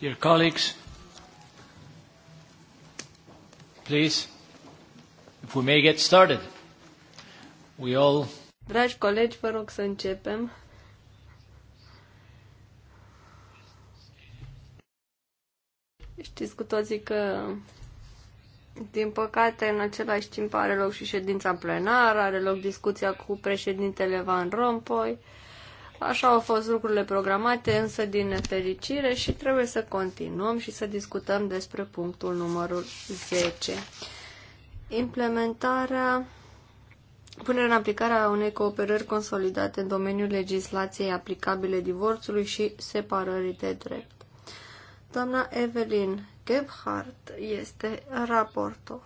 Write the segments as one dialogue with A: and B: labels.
A: Dear colleagues, please, if we may get started. We all... Dragi colegi, vă rog să începem. Știți cu toții că, din păcate, în același timp are loc și ședința plenară, are loc discuția cu președintele Van Rompuy, Așa au fost lucrurile programate, însă din nefericire și trebuie să continuăm și să discutăm despre punctul numărul 10. Implementarea, punerea în aplicare a unei cooperări consolidate în domeniul legislației aplicabile divorțului și separării de drept. Doamna Evelyn Gebhardt este raportor.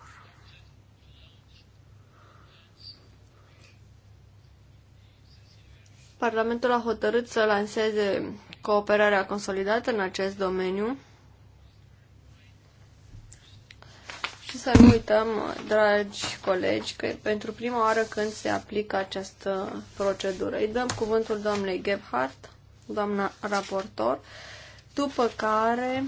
A: Parlamentul a hotărât să lanseze cooperarea consolidată în acest domeniu și să nu uităm, dragi colegi, că pentru prima oară când se aplică această procedură. Îi dăm cuvântul doamnei Gebhardt, doamna raportor, după care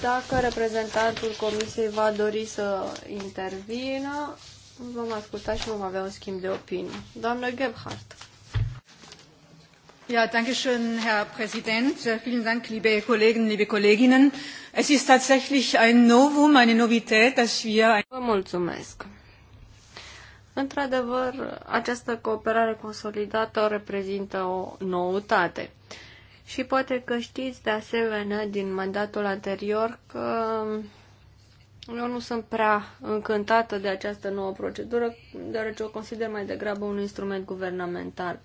A: dacă reprezentantul comisiei va dori să intervină, vom asculta și vom avea un schimb de opinie. Doamna Gebhardt. Ja, danke schön, Herr Präsident. Äh, vielen Dank, liebe Kollegen, liebe Kolleginnen. Es ist tatsächlich ein Novum, eine Novität, dass wir... Ein... Vă mulțumesc. Într-adevăr, această cooperare consolidată reprezintă o noutate. Și poate că știți de asemenea din mandatul anterior că eu nu sunt prea încântată de această nouă procedură, deoarece o consider mai degrabă un instrument guvernamental.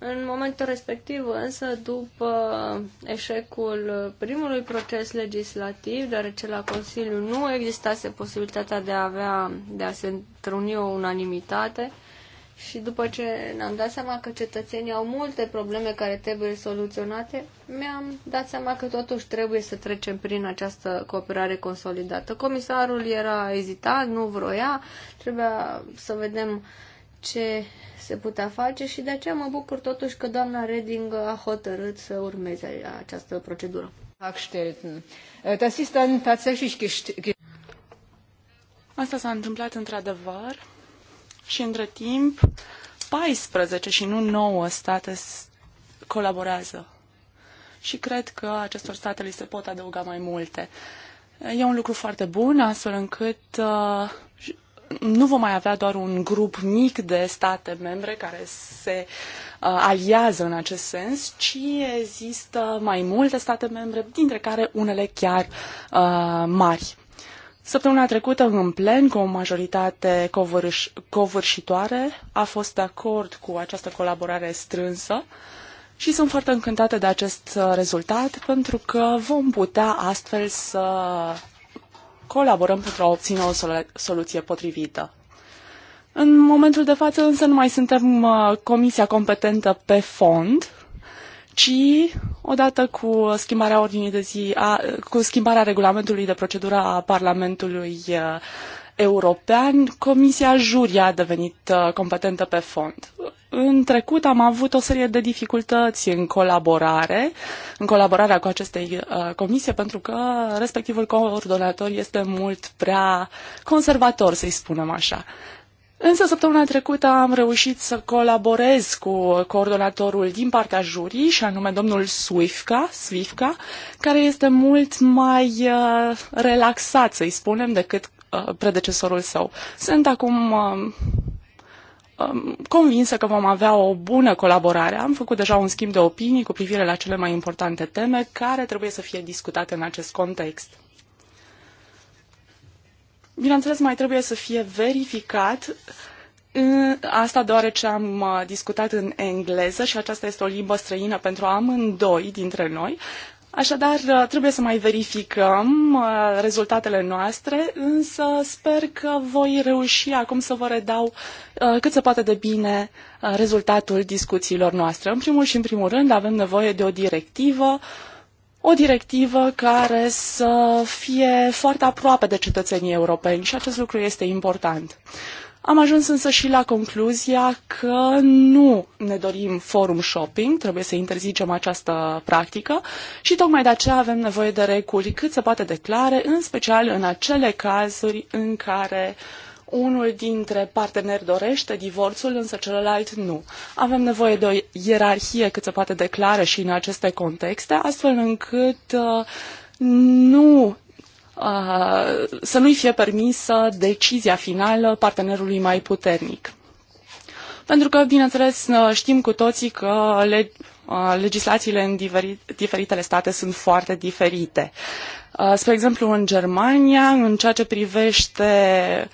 A: În momentul respectiv, însă, după uh, eșecul primului proces legislativ, deoarece la Consiliu nu existase posibilitatea de a avea, de a se întruni o unanimitate, și după ce ne-am dat seama că cetățenii au multe probleme care trebuie soluționate, mi-am dat seama că totuși trebuie să trecem prin această cooperare consolidată. Comisarul era ezitat, nu vroia, trebuia să vedem uh, ce se putea face și de aceea mă bucur totuși că doamna Reding a hotărât să urmeze această procedură. Äh,
B: Asta s-a întâmplat într-adevăr și între timp 14 și nu 9 state colaborează. Și cred că acestor state li se pot adăuga mai multe. E un lucru foarte bun, astfel încât uh, nu vom mai avea doar un grup mic de state membre care se uh, aliază în acest sens, ci există mai multe state membre, dintre care unele chiar uh, mari. Săptămâna trecută, în plen, cu o majoritate covârș, covârșitoare, a fost de acord cu această colaborare strânsă și sunt foarte încântată de acest uh, rezultat, pentru că vom putea astfel să colaborăm pentru a obține o solu soluție potrivită. În momentul de față însă nu mai suntem uh, comisia competentă pe fond, ci odată cu schimbarea ordinii de zi, a, cu schimbarea regulamentului de procedură a Parlamentului uh, european, Comisia Juria a devenit uh, competentă pe fond. În trecut am avut o serie de dificultăți în colaborare, în colaborarea cu acestei uh, comisie, pentru că respectivul coordonator este mult prea conservator, să-i spunem așa. Însă săptămâna trecută am reușit să colaborez cu coordonatorul din partea jurii, și anume domnul Swifka, Swifka care este mult mai uh, relaxat, să-i spunem, decât Uh, predecesorul său. Sunt acum um, um, convinsă că vom avea o bună colaborare. Am făcut deja un schimb de opinii cu privire la cele mai importante teme care trebuie să fie discutate în acest context. Bineînțeles, mai trebuie să fie verificat uh, Asta deoarece am uh, discutat în engleză și aceasta este o limbă străină pentru amândoi dintre noi. Așadar, uh, trebuie să mai verificăm uh, rezultatele noastre, însă sper că voi reuși acum să vă redau uh, cât se poate de bine rezultatul discuțiilor noastre. În primul și în primul rând avem nevoie de o directivă, o directivă care să fie foarte aproape de cetățenii europeni și acest lucru este important. Am ajuns însă și la concluzia că nu ne dorim forum shopping, trebuie să interzicem această practică și tocmai de aceea avem nevoie de reguli cât se poate declare, în special în acele cazuri în care unul dintre parteneri dorește divorțul, însă celălalt nu. Avem nevoie de o ierarhie cât se poate declare și în aceste contexte, astfel încât uh, nu să nu-i fie permisă decizia finală partenerului mai puternic. Pentru că, bineînțeles, știm cu toții că legislațiile în diferitele state sunt foarte diferite. Spre exemplu, în Germania, în ceea ce privește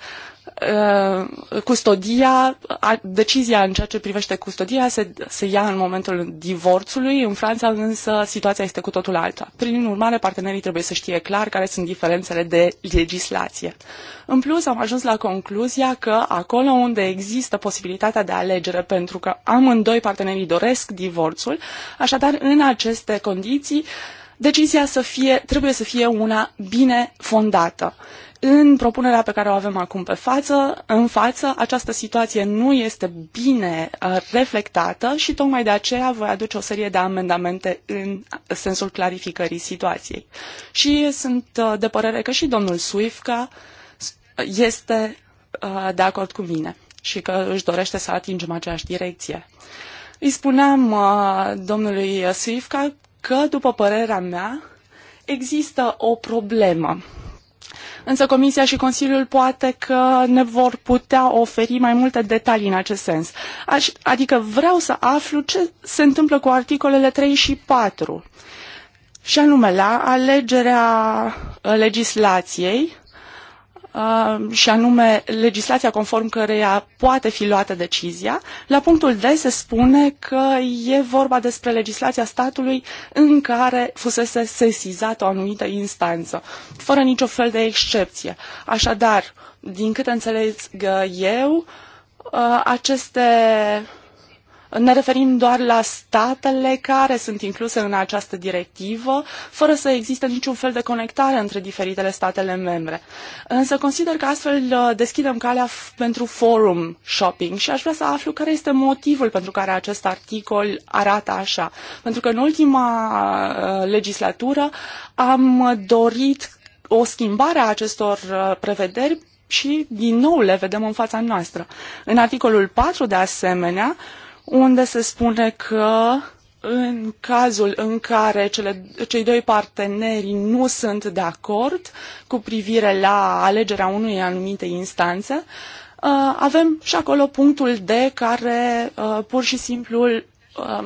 B: Uh, custodia, decizia în ceea ce privește custodia se, se ia în momentul divorțului, în Franța însă situația este cu totul alta. Prin urmare, partenerii trebuie să știe clar care sunt diferențele de legislație. În plus, am ajuns la concluzia că acolo unde există posibilitatea de alegere, pentru că amândoi partenerii doresc divorțul, așadar, în aceste condiții, decizia să fie, trebuie să fie una bine fondată. În propunerea pe care o avem acum pe față, în față, această situație nu este bine uh, reflectată și tocmai de aceea voi aduce o serie de amendamente în sensul clarificării situației. Și sunt uh, de părere că și domnul Suifca este uh, de acord cu mine și că își dorește să atingem aceeași direcție. Îi spuneam domnului Suifca că, după părerea mea, există o problemă însă Comisia și Consiliul poate că ne vor putea oferi mai multe detalii în acest sens. Aș, adică vreau să aflu ce se întâmplă cu articolele 3 și 4, și anume la alegerea uh, legislației Uh, și anume legislația conform căreia poate fi luată decizia. La punctul D se spune că e vorba despre legislația statului în care fusese sesizată o anumită instanță, fără nicio fel de excepție. Așadar, din câte înțeleg uh, eu, uh, aceste ne referim doar la statele care sunt incluse în această directivă, fără să existe niciun fel de conectare între diferitele statele membre. Însă consider că astfel uh, deschidem calea pentru forum shopping și aș vrea să aflu care este motivul pentru care acest articol arată așa. Pentru că în ultima uh, legislatură am dorit o schimbare a acestor uh, prevederi și din nou le vedem în fața noastră. În articolul 4, de asemenea, unde se spune că în cazul în care cele, cei doi parteneri nu sunt de acord cu privire la alegerea unei anumite instanțe, uh, avem și acolo punctul D care uh, pur și simplu um,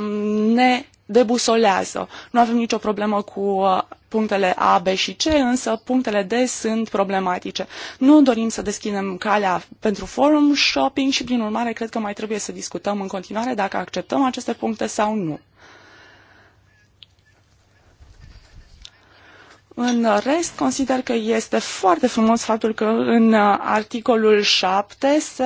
B: ne debusolează. Nu avem nicio problemă cu uh, punctele A, B și C, însă punctele D sunt problematice. Nu dorim să deschidem calea pentru forum shopping și, prin urmare, cred că mai trebuie să discutăm în continuare dacă acceptăm aceste puncte sau nu. În rest, consider că este foarte frumos faptul că în articolul 7 se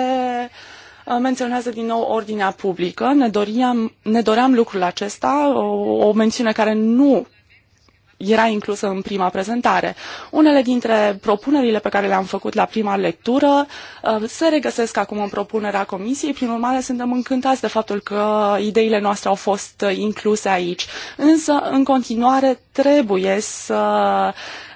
B: uh, menționează din nou ordinea publică. Ne, doriam, ne doream lucrul acesta, o, o mențiune care nu era inclusă în prima prezentare. Unele dintre propunerile pe care le-am făcut la prima lectură uh, se regăsesc acum în propunerea comisiei, prin urmare suntem încântați de faptul că ideile noastre au fost uh, incluse aici. Însă, în continuare, trebuie să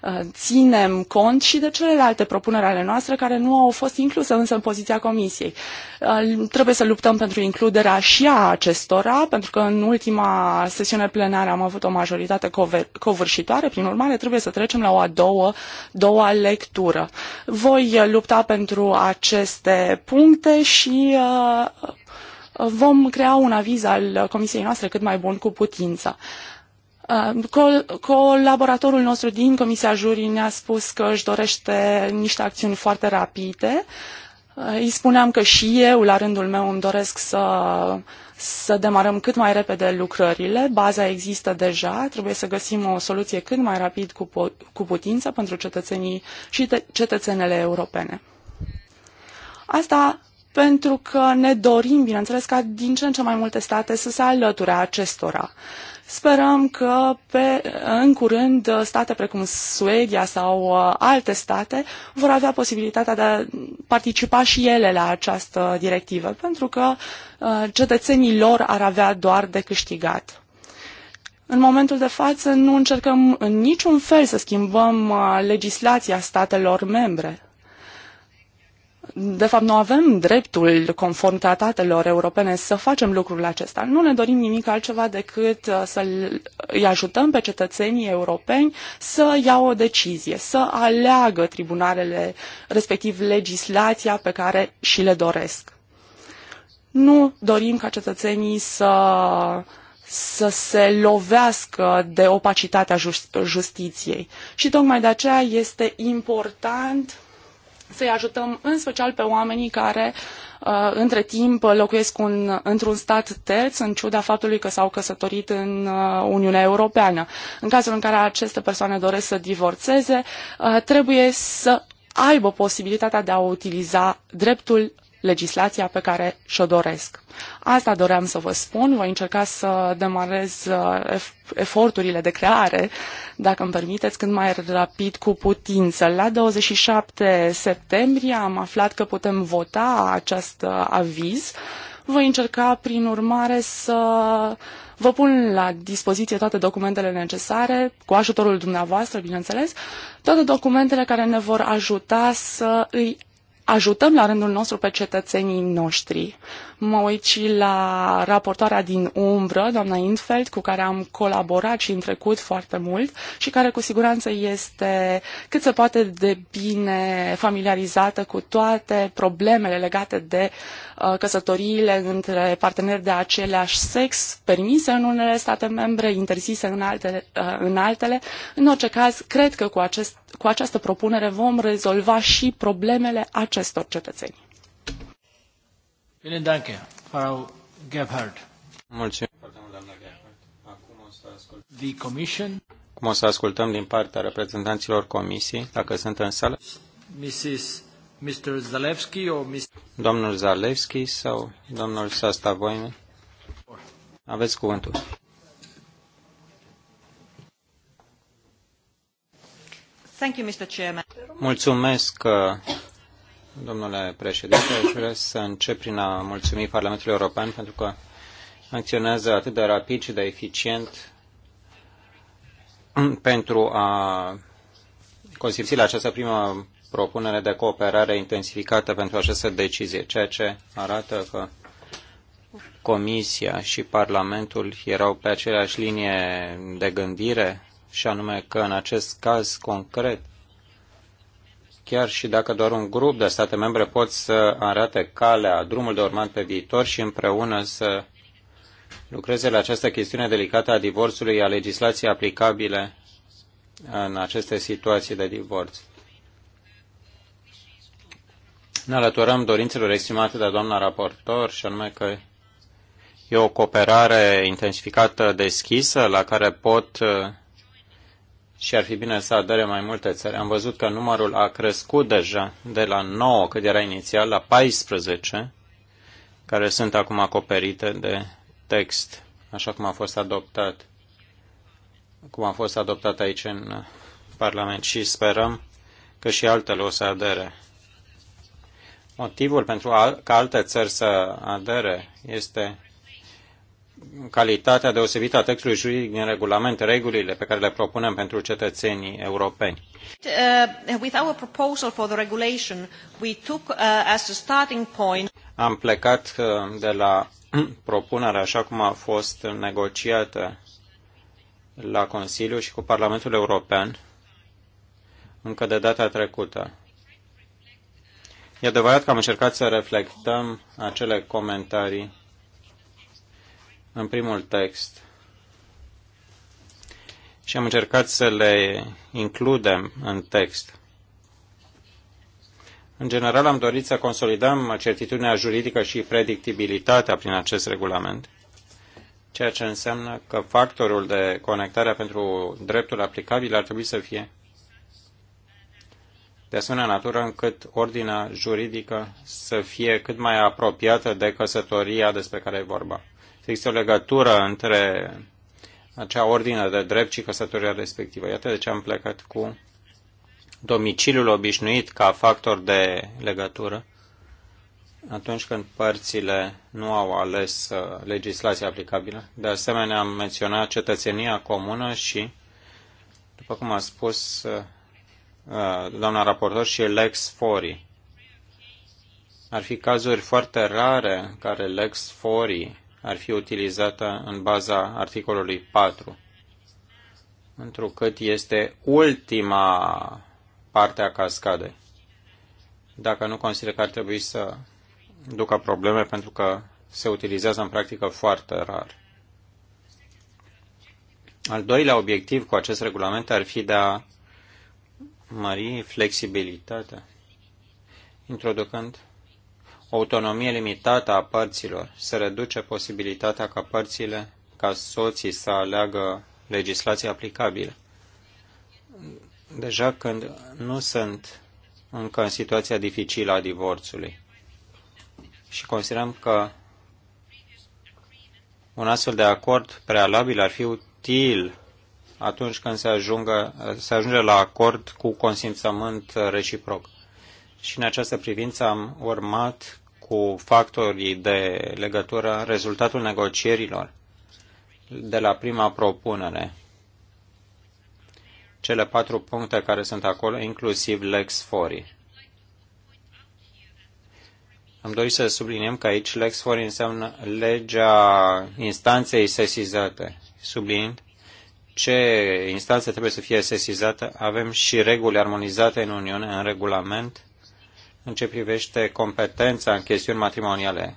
B: uh, ținem cont și de celelalte propuneri ale noastre care nu au fost incluse însă în poziția Comisiei. Uh, trebuie să luptăm pentru includerea și a acestora, pentru că în ultima sesiune plenară am avut o majoritate covârșitoare, prin urmare trebuie să trecem la o a doua, doua lectură. Voi uh, lupta pentru aceste puncte și vom crea un aviz al comisiei noastre cât mai bun cu putință. Uh, colaboratorul nostru din Comisia Jurii ne-a spus că își dorește niște acțiuni foarte rapide. Uh, îi spuneam că și eu, la rândul meu, îmi doresc să, să demarăm cât mai repede lucrările. Baza există deja, trebuie să găsim o soluție cât mai rapid cu, cu putință pentru cetățenii și cetățenele europene. Asta pentru că ne dorim, bineînțeles, ca din ce în ce mai multe state să se alăture acestora. Sperăm că pe, în curând uh, state precum Suedia sau uh, alte state vor avea posibilitatea de a participa și ele la această directivă, pentru că uh, cetățenii lor ar avea doar de câștigat. În momentul de față nu încercăm în niciun fel să schimbăm legislația statelor membre de fapt, nu avem dreptul, conform tratatelor europene, să facem lucrul acesta. Nu ne dorim nimic altceva decât uh, să îi ajutăm pe cetățenii europeni să ia o decizie, să aleagă tribunalele, respectiv legislația pe care și le doresc. Nu dorim ca cetățenii să să se lovească de opacitatea justiției. Și tocmai de aceea este important să-i ajutăm în special pe oamenii care uh, între timp locuiesc un, într-un stat terț în ciuda faptului că s-au căsătorit în uh, Uniunea Europeană. În cazul în care aceste persoane doresc să divorțeze, uh, trebuie să aibă posibilitatea de a utiliza dreptul legislația pe care și-o doresc. Asta doream să vă spun, voi încerca să demarez uh, eforturile de creare, dacă îmi permiteți, cât mai rapid cu putință. La 27 septembrie am aflat că putem vota acest uh, aviz. Voi încerca, prin urmare, să Vă pun la dispoziție toate documentele necesare, cu ajutorul dumneavoastră, bineînțeles, toate documentele care ne vor ajuta să îi ajutăm la rândul nostru pe cetățenii noștri. Mă uit și la raportoarea din umbră, doamna Infeld, cu care am colaborat și în trecut foarte mult și care cu siguranță este cât se poate de bine familiarizată cu toate problemele legate de uh, căsătoriile între parteneri de același sex, permise în unele state membre, interzise în, alte, uh, în altele. În orice caz, cred că cu, acest, cu această propunere vom rezolva și problemele acestor cetățeni.
A: Bine, danke, Frau Gebhardt.
C: Mulțumim foarte mult, doamna Gebhardt. Acum o să ascult. The Commission. Cum o să ascultăm din partea reprezentanților comisiei, dacă sunt în sală?
A: Mrs. Mr. Zalewski or Mr.
C: Domnul Zalewski sau domnul Sastavoime? Aveți cuvântul.
B: Thank you, Mr. Chairman.
C: Mulțumesc, uh, Domnule președinte, aș vrea să încep prin a mulțumi Parlamentului European pentru că acționează atât de rapid și de eficient pentru a consimți la această primă propunere de cooperare intensificată pentru această decizie, ceea ce arată că Comisia și Parlamentul erau pe aceeași linie de gândire și anume că în acest caz concret chiar și dacă doar un grup de state membre pot să arate calea, drumul de urmat pe viitor și împreună să lucreze la această chestiune delicată a divorțului, a legislației aplicabile în aceste situații de divorț. Ne alăturăm dorințelor exprimate de doamna raportor și anume că e o cooperare intensificată deschisă la care pot și ar fi bine să adere mai multe țări. Am văzut că numărul a crescut deja de la 9, cât era inițial, la 14, care sunt acum acoperite de text, așa cum a fost adoptat cum a fost adoptat aici în Parlament și sperăm că și altele o să adere. Motivul pentru al- ca alte țări să adere este calitatea deosebită a textului juridic din regulament, regulile pe care le propunem pentru cetățenii europeni.
A: Uh, with our proposal for the regulation, we took uh, as a starting point
C: am plecat uh, de la propunerea așa cum a fost negociată la Consiliu și cu Parlamentul European încă de data trecută. E adevărat că am încercat să reflectăm acele comentarii în primul text și am încercat să le includem în text. În general, am dorit să consolidăm certitudinea juridică și predictibilitatea prin acest regulament, ceea ce înseamnă că factorul de conectare pentru dreptul aplicabil ar trebui să fie de asemenea natură încât ordinea juridică să fie cât mai apropiată de căsătoria despre care e vorba există o legătură între acea ordine de drept și căsătoria respectivă. Iată de ce am plecat cu domiciliul obișnuit ca factor de legătură atunci când părțile nu au ales uh, legislația aplicabilă. De asemenea, am menționat cetățenia comună și, după cum a spus uh, uh, doamna raportor, și Lex Fori. Ar fi cazuri foarte rare în care Lex Fori ar fi utilizată în baza articolului 4, întrucât este ultima parte a cascadei. Dacă nu consider că ar trebui să ducă probleme pentru că se utilizează în practică foarte rar. Al doilea obiectiv cu acest regulament ar fi de a mări flexibilitatea, introducând autonomie limitată a părților. Se reduce posibilitatea ca părțile, ca soții să aleagă legislația aplicabilă. Deja când nu sunt încă în situația dificilă a divorțului. Și considerăm că un astfel de acord prealabil ar fi util atunci când se, ajungă, se ajunge la acord cu consimțământ reciproc și în această privință am urmat cu factorii de legătură rezultatul negocierilor de la prima propunere. Cele patru puncte care sunt acolo, inclusiv Lex Fori. Am dorit să subliniem că aici Lex Fori înseamnă legea instanței sesizate. Sublinind ce instanță trebuie să fie sesizată, avem și reguli armonizate în Uniune, în regulament, în ce privește competența în chestiuni matrimoniale.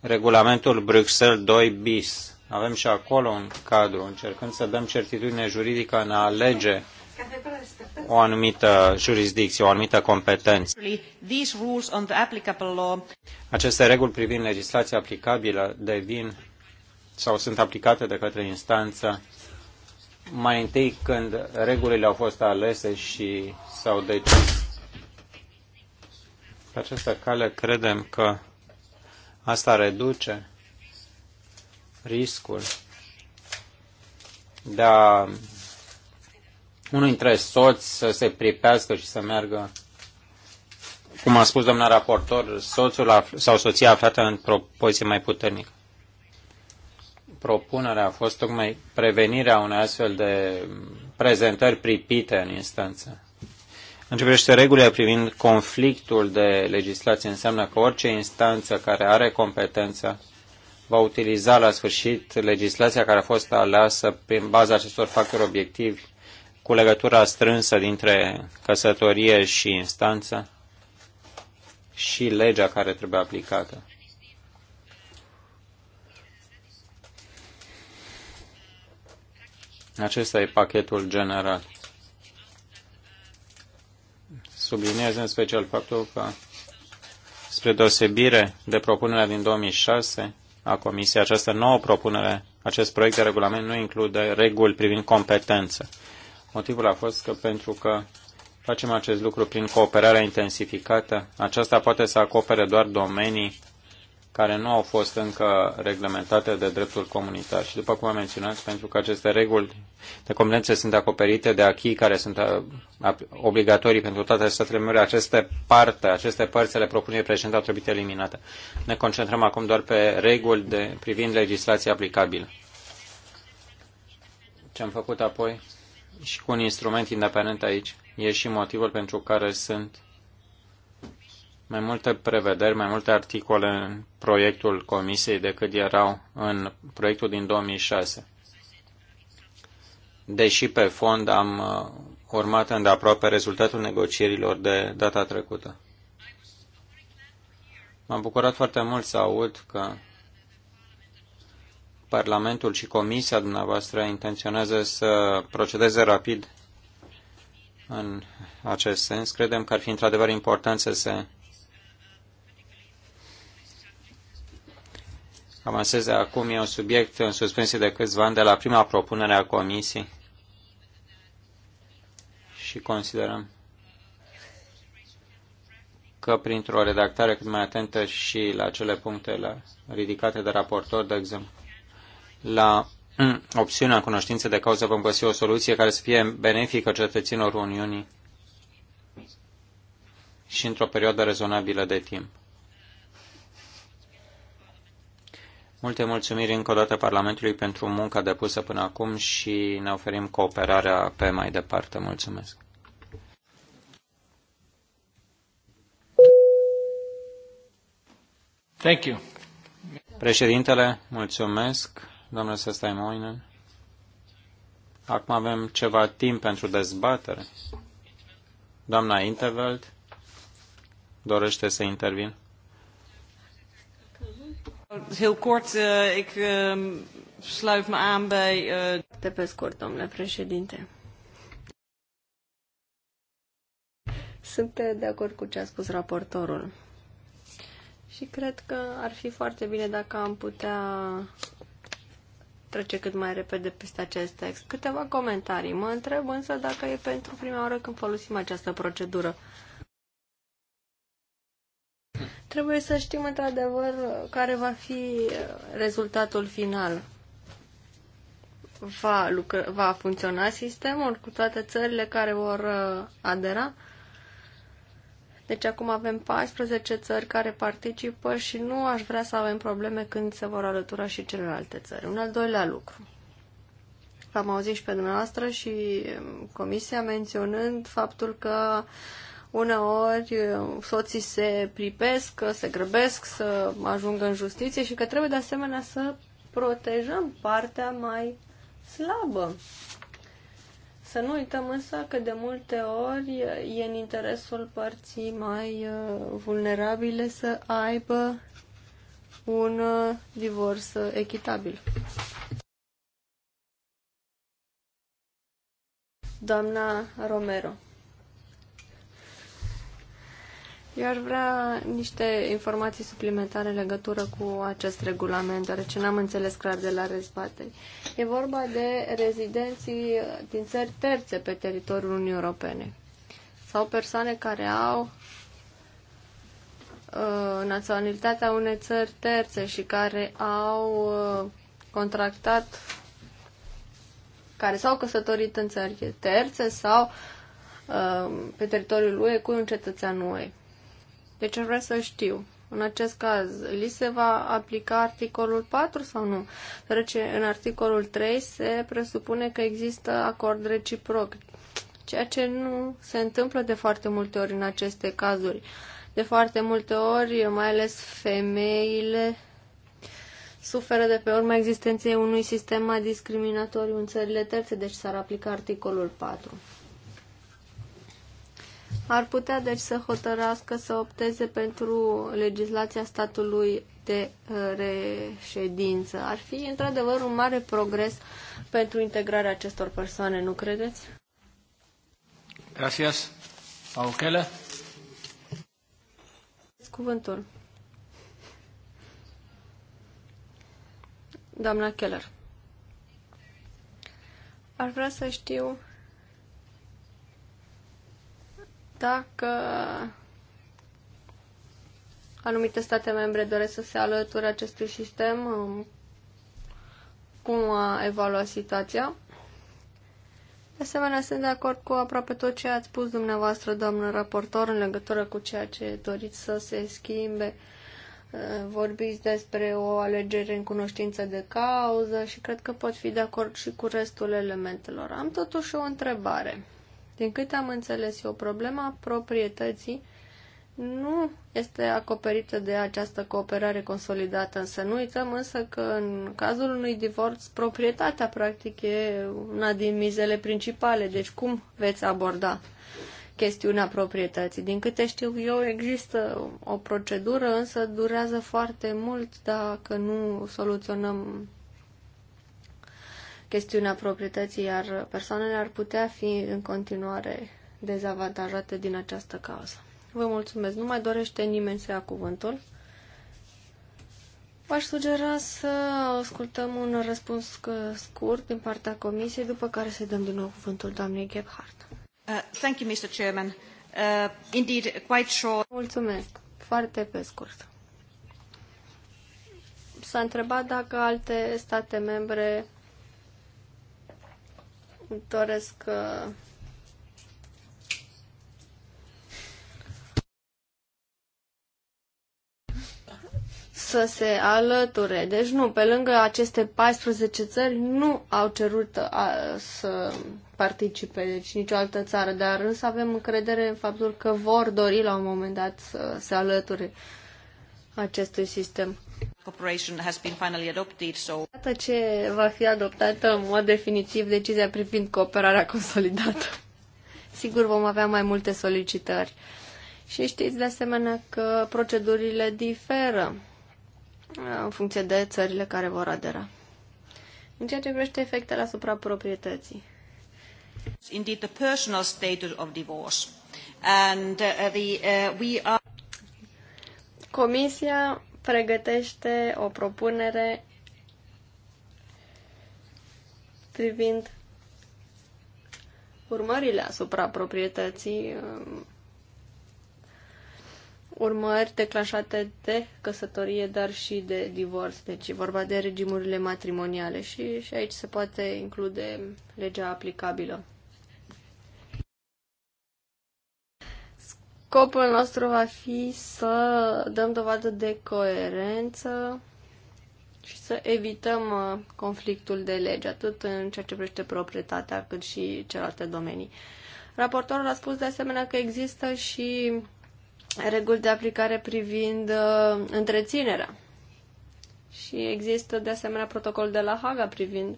C: Regulamentul Bruxelles 2 bis. Avem și acolo un cadru, încercând să dăm certitudine juridică în a alege o anumită jurisdicție, o anumită competență. Aceste reguli privind legislația aplicabilă devin sau sunt aplicate de către instanță mai întâi când regulile au fost alese și s-au decis pe această cale credem că asta reduce riscul de a unul dintre soți să se pripească și să meargă, cum a spus domnul raportor, soțul sau soția aflată în propoziție mai puternică. Propunerea a fost tocmai prevenirea unei astfel de prezentări pripite în instanță. În ce privește regulile privind conflictul de legislație, înseamnă că orice instanță care are competența va utiliza la sfârșit legislația care a fost aleasă prin baza acestor factori obiectivi cu legătura strânsă dintre căsătorie și instanță și legea care trebuie aplicată. Acesta e pachetul general subliniez în special faptul că, spre deosebire de propunerea din 2006 a Comisiei, această nouă propunere, acest proiect de regulament nu include reguli privind competență. Motivul a fost că pentru că facem acest lucru prin cooperarea intensificată, aceasta poate să acopere doar domenii care nu au fost încă reglementate de dreptul comunitar. Și după cum am menționat, pentru că aceste reguli de competențe sunt acoperite de achii care sunt uh, obligatorii pentru toate statele membre, aceste parte, aceste părți ale propunerii precedente au trebuit eliminate. Ne concentrăm acum doar pe reguli de, privind legislația aplicabilă. Ce am făcut apoi și cu un instrument independent aici e și motivul pentru care sunt mai multe prevederi, mai multe articole în proiectul Comisiei decât erau în proiectul din 2006. Deși pe fond am uh, urmat îndeaproape rezultatul negocierilor de data trecută. M-am bucurat foarte mult să aud că Parlamentul și Comisia dumneavoastră intenționează să procedeze rapid în acest sens. Credem că ar fi într-adevăr important să se avansez de acum e un subiect în suspensie de câțiva ani de la prima propunere a Comisiei și considerăm că printr-o redactare cât mai atentă și la cele puncte ridicate de raportor, de exemplu, la opțiunea cunoștință de cauză vom găsi o soluție care să fie benefică cetățenilor Uniunii și într-o perioadă rezonabilă de timp. Multe mulțumiri încă o dată Parlamentului pentru munca depusă până acum și ne oferim cooperarea pe mai departe. Mulțumesc! Thank you. Președintele, mulțumesc, domnule Moinen. Acum avem ceva timp pentru dezbatere. Doamna Interveld dorește să intervin.
B: Heel kort, uh, ik uh, sluit me aan bij...
A: Uh... Eh, de pe scurt, domnule președinte. Sunt de acord cu ce a spus raportorul. Și cred că ar fi foarte bine dacă am putea trece cât mai repede peste acest text. Câteva comentarii. Mă întreb însă dacă e pentru prima oară când folosim această procedură. Uh, Trebuie să știm într-adevăr care va fi uh, rezultatul final. Va, lucra, va funcționa sistemul cu toate țările care vor uh, adera? Deci acum avem 14 țări care participă și nu aș vrea să avem probleme când se vor alătura și celelalte țări. Un al doilea lucru. V-am auzit și pe dumneavoastră și um, comisia menționând faptul că uh, uneori uh, soții se pripesc, se grăbesc să ajungă în justiție și că trebuie de asemenea să protejăm partea mai slabă. Să nu uităm însă că de multe ori uh, e în interesul părții mai uh, vulnerabile să aibă un divorț echitabil. Doamna Romero. Eu aș vrea niște informații suplimentare în legătură cu acest regulament, deoarece n-am înțeles clar de la rezbateri. E vorba de rezidenții din țări terțe pe teritoriul Uniunii Europene sau persoane care au uh, naționalitatea unei țări terțe și care au uh, contractat, care s-au căsătorit în țări terțe sau uh, pe teritoriul UE cu un cetățean UE. Deci eu vreau să știu, în acest caz, li se va aplica articolul 4 sau nu? Deoarece în articolul 3 se presupune că există acord reciproc, ceea ce nu se întâmplă de foarte multe ori în aceste cazuri. De foarte multe ori, mai ales femeile, suferă de pe urma existenței unui sistem mai discriminatoriu în țările terțe, deci s-ar aplica articolul 4 ar putea deci să hotărască să opteze pentru legislația statului de uh, reședință. Ar fi într-adevăr un mare progres pentru integrarea acestor persoane, nu credeți? Gracias. Pau Keller. Cuvântul. Doamna Keller. Ar vrea să știu dacă anumite state membre doresc să se alăture acestui sistem, um, cum a evaluat situația. De asemenea, sunt de acord cu aproape tot ce ați spus dumneavoastră, doamnă raportor, în legătură cu ceea ce doriți să se schimbe. Uh, vorbiți despre o alegere în cunoștință de cauză și cred că pot fi de acord și cu restul elementelor. Am totuși o întrebare. Din câte am înțeles eu, problema proprietății nu este acoperită de această cooperare consolidată, însă nu uităm însă că în cazul unui divorț, proprietatea practic e una din mizele principale, deci cum veți aborda chestiunea proprietății? Din câte știu eu, există o procedură, însă durează foarte mult dacă nu soluționăm chestiunea proprietății, iar persoanele ar putea fi în continuare dezavantajate din această cauză. Vă mulțumesc. Nu mai dorește nimeni să ia cuvântul. V-aș sugera să ascultăm un răspuns scurt din partea comisiei, după care să dăm din nou cuvântul doamnei Gebhardt. Uh, thank you, Mr. Chairman. Uh, indeed, quite short. Mulțumesc. Foarte pe scurt. S-a întrebat dacă alte state membre doresc uh, să se alăture. Deci nu, pe lângă aceste 14 țări nu au cerut a, uh, să participe, deci nicio altă țară, dar însă avem încredere în faptul că vor dori la un moment dat să se alăture acestui sistem
B: cooperation has been finally adopted, so...
A: Data ce va fi adoptată în mod definitiv decizia privind cooperarea consolidată. Sigur vom avea mai multe solicitări. Și știți de asemenea că procedurile diferă uh, în funcție de țările care vor adera. În ceea ce privește efectele asupra proprietății.
B: Indeed, the personal status of divorce.
A: And uh, the, uh, we are... Comisia pregătește o propunere privind urmările asupra proprietății, um, urmări declanșate de căsătorie, dar și de divorț. Deci e vorba de regimurile matrimoniale și, și aici se poate include legea aplicabilă. Scopul nostru va fi să dăm dovadă de coerență și să evităm uh, conflictul de lege, atât în ceea ce privește proprietatea, cât și celelalte domenii. Raportorul a spus de asemenea că există și reguli de aplicare privind uh, întreținerea. Și există de asemenea protocol de la Haga privind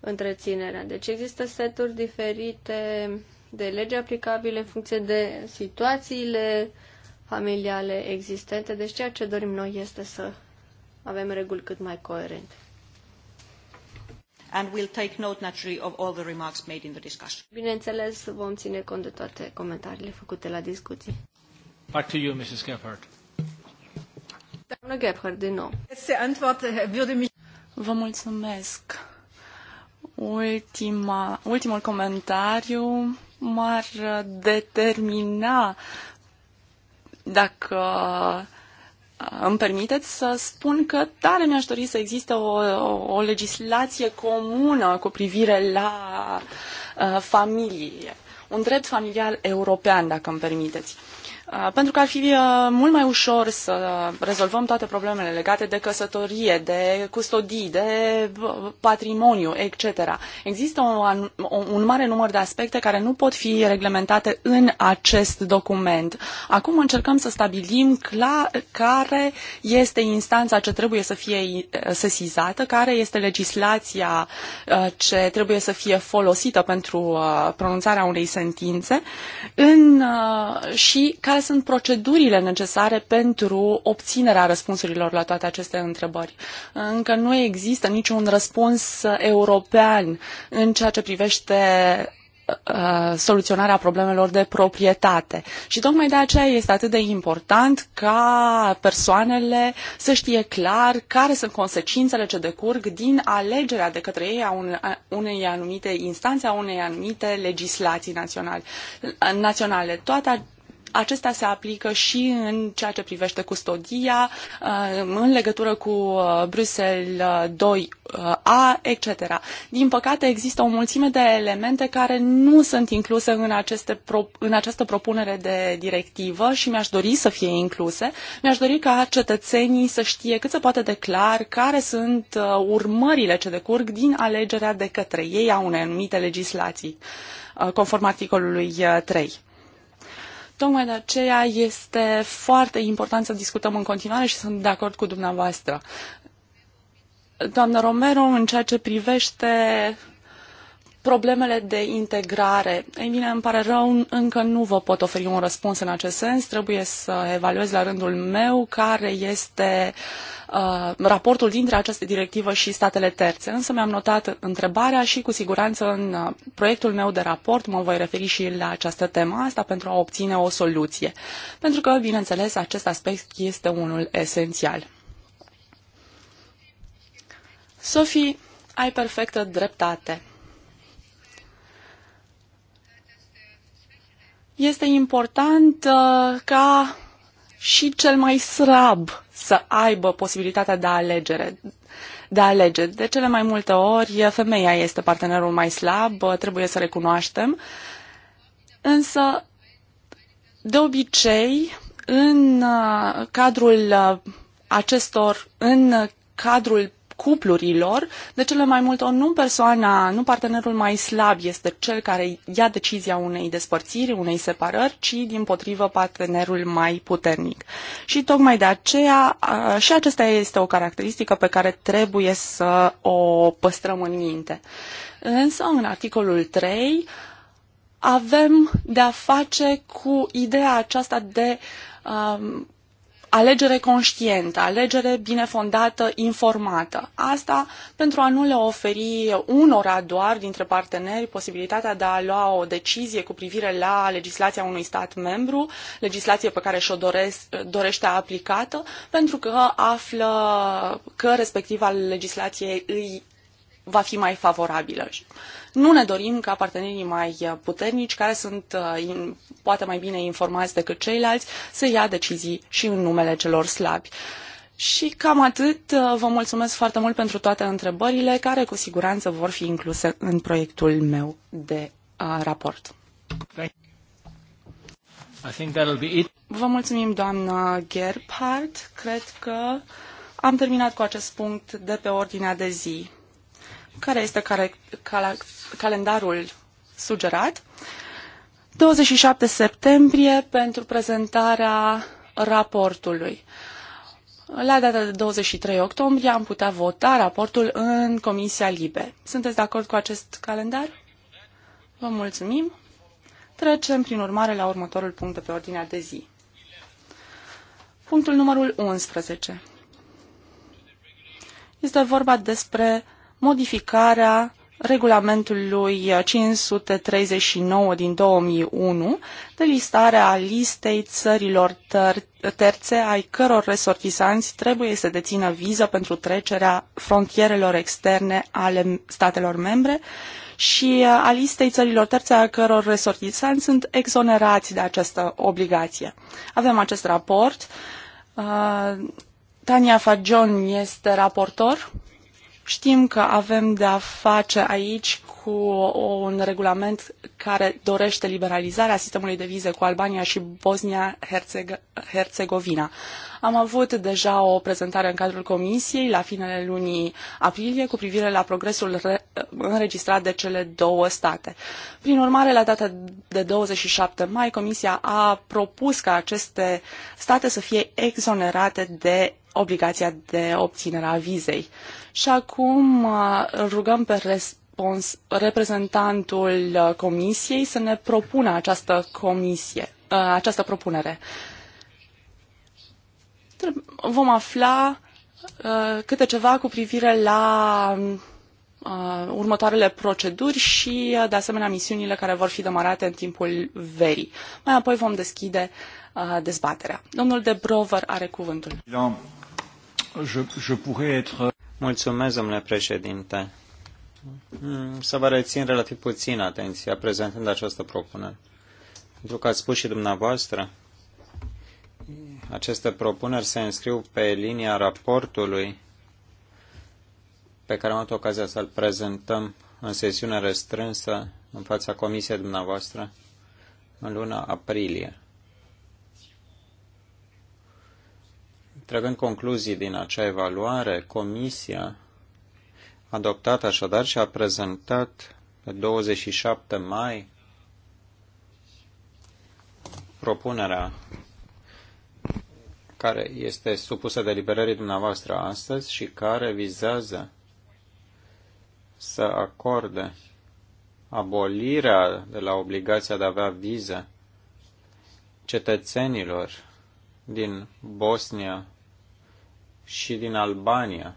A: întreținerea. Deci există seturi diferite de lege aplicabile, în funcție de situațiile familiale existente. Deci ceea ce dorim noi este să avem reguli cât mai coerente.
B: And we'll take note naturally of all the remarks made in the discussion.
A: Bineînțeles, vom ține cont de toate comentariile făcute la discuții. Back to you, Mrs. Gephardt. Doamna Gephardt, din nou. Vă mulțumesc.
B: Ultima, ultimul comentariu m-ar determina dacă uh, îmi permiteți să spun că tare mi-aș dori să existe o, o, o legislație comună cu privire la uh, familie, un drept familial european, dacă îmi permiteți. Uh, pentru că ar fi mult mai ușor să rezolvăm toate problemele legate de căsătorie, de custodii, de patrimoniu, etc. Există un, un mare număr de aspecte care nu pot fi reglementate în acest document. Acum încercăm să stabilim clar care este instanța ce trebuie să fie sesizată, care este legislația ce trebuie să fie folosită pentru pronunțarea unei sentințe în, și care sunt procedurile necesare pentru obținerea răspunsurilor la toate aceste întrebări. Încă nu există niciun răspuns european în ceea ce privește uh, soluționarea problemelor de proprietate. Și tocmai de aceea este atât de important ca persoanele să știe clar care sunt consecințele ce decurg din alegerea de către ei a unei anumite instanțe, a unei anumite legislații naționale. Toate acesta se aplică și în ceea ce privește custodia, uh, în legătură cu uh, Bruxelles 2A, etc. Din păcate, există o mulțime de elemente care nu sunt incluse în, aceste, în această propunere de directivă și mi-aș dori să fie incluse. Mi-aș dori ca cetățenii să știe cât se poate de clar care sunt uh, urmările ce decurg din alegerea de către ei a unei anumite legislații, conform articolului 3. Tocmai de aceea este foarte important să discutăm în continuare și sunt de acord cu dumneavoastră. Doamna Romero, în ceea ce privește problemele de integrare. Ei bine, îmi pare rău, încă nu vă pot oferi un răspuns în acest sens. Trebuie să evaluez la rândul meu care este uh, raportul dintre această directivă și statele terțe. Însă mi-am notat întrebarea și cu siguranță în uh, proiectul meu de raport mă voi referi și la această temă asta pentru a obține o soluție. Pentru că, bineînțeles, acest aspect este unul esențial. Sophie, ai perfectă dreptate. Este important uh, ca și cel mai slab să aibă posibilitatea de alegere. De alege. De cele mai multe ori, femeia este partenerul mai slab, uh, trebuie să recunoaștem. Însă, de obicei, în uh, cadrul acestor, în cadrul cuplurilor, de cele mai multe ori nu persoana, nu partenerul mai slab este cel care ia decizia unei despărțiri, unei separări, ci din potrivă partenerul mai puternic. Și tocmai de aceea și acesta este o caracteristică pe care trebuie să o păstrăm în minte. Însă, în articolul 3, avem de-a face cu ideea aceasta de um, alegere conștientă, alegere bine fondată, informată. Asta pentru a nu le oferi unora doar dintre parteneri posibilitatea de a lua o decizie cu privire la legislația unui stat membru, legislație pe care și-o dorește aplicată, pentru că află că respectiva legislație îi va fi mai favorabilă. Nu ne dorim ca partenerii mai puternici, care sunt uh, poate mai bine informați decât ceilalți, să ia decizii și în numele celor slabi. Și cam atât. Uh, vă mulțumesc foarte mult pentru toate întrebările, care cu siguranță vor fi incluse în proiectul meu de uh, raport. Vă mulțumim, doamna Gerhardt. Cred că am terminat cu acest punct de pe ordinea de zi care este care, cala, calendarul sugerat. 27 septembrie pentru prezentarea raportului. La data de 23 octombrie am putea vota raportul în Comisia Libe. Sunteți de acord cu acest calendar? Vă mulțumim. Trecem, prin urmare, la următorul punct de pe ordinea de zi. Punctul numărul 11. Este vorba despre modificarea regulamentului 539 din 2001 de listare a listei țărilor ter- terțe ai căror resortisanți trebuie să dețină viză pentru trecerea frontierelor externe ale statelor membre și a listei țărilor terțe a căror resortisanți sunt exonerați de această obligație. Avem acest raport. Uh, Tania Fagion este raportor. Știm că avem de a face aici cu un regulament care dorește liberalizarea sistemului de vize cu Albania și Bosnia-Herzegovina. Am avut deja o prezentare în cadrul Comisiei la finele lunii aprilie cu privire la progresul înregistrat de cele două state. Prin urmare, la data de 27 mai, Comisia a propus ca aceste state să fie exonerate de obligația de obținere a vizei. Și acum uh, rugăm pe respons, reprezentantul uh, comisiei să ne propună această comisie, uh, această propunere. Vom afla câte ceva cu privire la următoarele proceduri și, de asemenea, misiunile care vor fi demarate în timpul verii. Mai apoi vom deschide dezbaterea. Domnul de Brover are cuvântul.
C: Je, je pourrais être... Euh, Mulțumesc, domnule președinte. Mm, să vă rețin relativ puțin atenția prezentând această propunere. Pentru că ați spus și dumneavoastră, aceste propuneri se înscriu pe linia raportului pe care am avut ocazia să-l prezentăm în sesiune restrânsă în fața comisiei dumneavoastră în luna aprilie. Trăgând concluzii din acea evaluare, Comisia a adoptat așadar și a prezentat pe 27 mai propunerea care este supusă deliberării dumneavoastră astăzi și care vizează să acorde abolirea de la obligația de a avea viză cetățenilor din Bosnia și din Albania,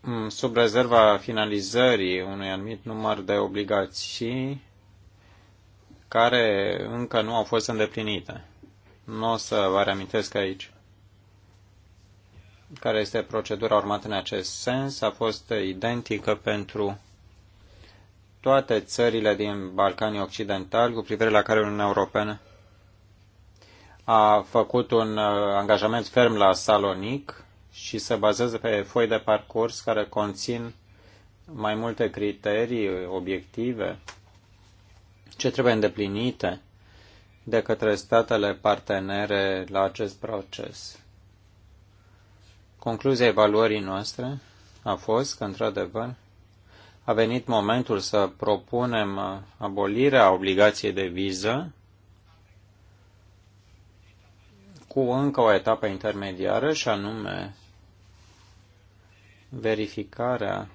C: mm, sub rezerva finalizării unui anumit număr de obligații care încă nu au fost îndeplinite. Nu o să vă reamintesc aici care este procedura urmată în acest sens, a fost identică pentru toate țările din Balcanii Occidentali cu privire la care Uniunea Europeană a făcut un uh, angajament ferm la Salonic și se bazează pe foi de parcurs care conțin mai multe criterii obiective ce trebuie îndeplinite de către statele partenere la acest proces. Concluzia evaluării noastre a fost că, într-adevăr, a venit momentul să propunem uh, abolirea obligației de viză cu încă o etapă intermediară și anume verificarea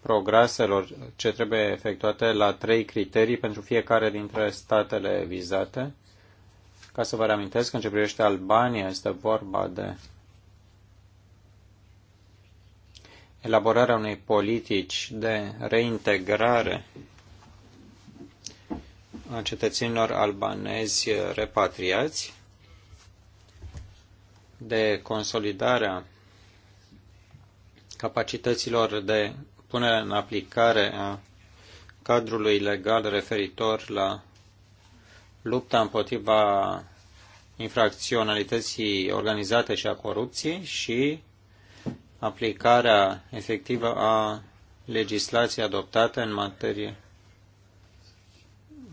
C: progreselor ce trebuie efectuate la trei criterii pentru fiecare dintre statele vizate. Ca să vă reamintesc, în ce privește Albania, este vorba de elaborarea unei politici de reintegrare a cetățenilor albanezi repatriați de consolidarea capacităților de punere în aplicare a cadrului legal referitor la lupta împotriva infracționalității organizate și a corupției și aplicarea efectivă a legislației adoptate în materie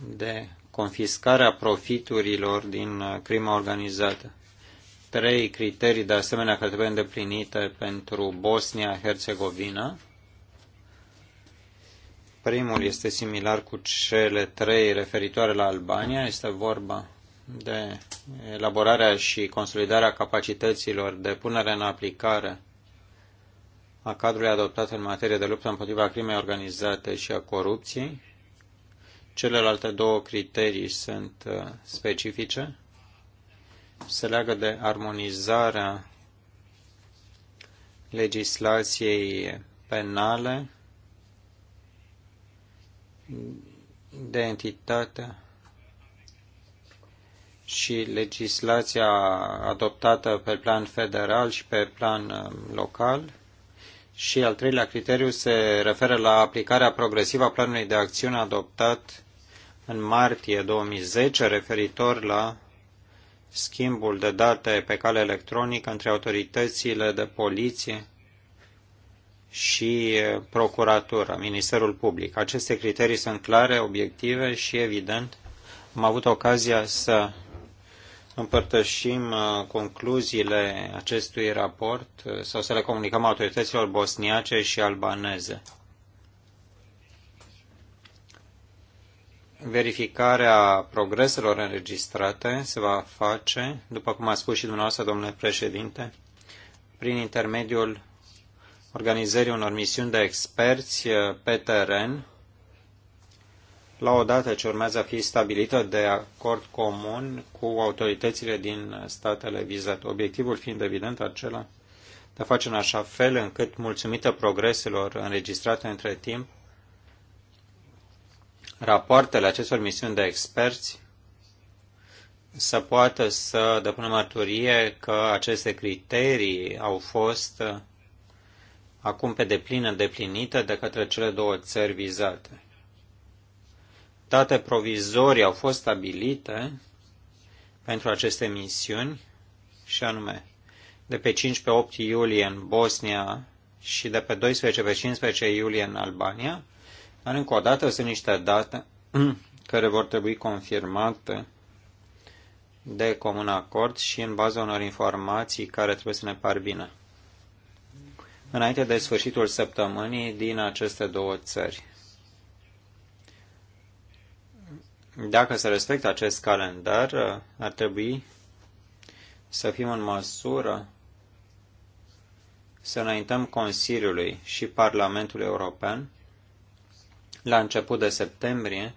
C: de confiscarea profiturilor din crima organizată trei criterii de asemenea care trebuie îndeplinite pentru Bosnia-Herzegovina. Primul este similar cu cele trei referitoare la Albania. Este vorba de elaborarea și consolidarea capacităților de punere în aplicare a cadrului adoptat în materie de luptă împotriva crimei organizate și a corupției. Celelalte două criterii sunt uh, specifice se leagă de armonizarea legislației penale de entitate și legislația adoptată pe plan federal și pe plan um, local. Și al treilea criteriu se referă la aplicarea progresivă a planului de acțiune adoptat în martie 2010 referitor la schimbul de date pe cale electronică între autoritățile de poliție și procuratură, Ministerul Public. Aceste criterii sunt clare, obiective și, evident, am avut ocazia să împărtășim uh, concluziile acestui raport uh, sau să le comunicăm autorităților bosniace și albaneze. verificarea progreselor înregistrate se va face, după cum a spus și dumneavoastră, domnule președinte, prin intermediul organizării unor misiuni de experți eh, pe teren, la o dată ce urmează a fi stabilită de acord comun cu autoritățile din statele vizate. Obiectivul fiind evident acela de a face în așa fel încât, mulțumită progreselor înregistrate între timp, rapoartele acestor misiuni de experți să poată să depună mărturie că aceste criterii au fost acum pe deplin îndeplinite de către cele două țări vizate. Date provizorii au fost stabilite pentru aceste misiuni și anume de pe 5 pe 8 iulie în Bosnia și de pe 12 pe 15 iulie în Albania, dar încă o dată sunt niște date care vor trebui confirmate de comun acord și în baza unor informații care trebuie să ne parvină. Înainte de sfârșitul săptămânii din aceste două țări. Dacă se respectă acest calendar, ar trebui să fim în măsură să înaintăm Consiliului și Parlamentului European la început de septembrie,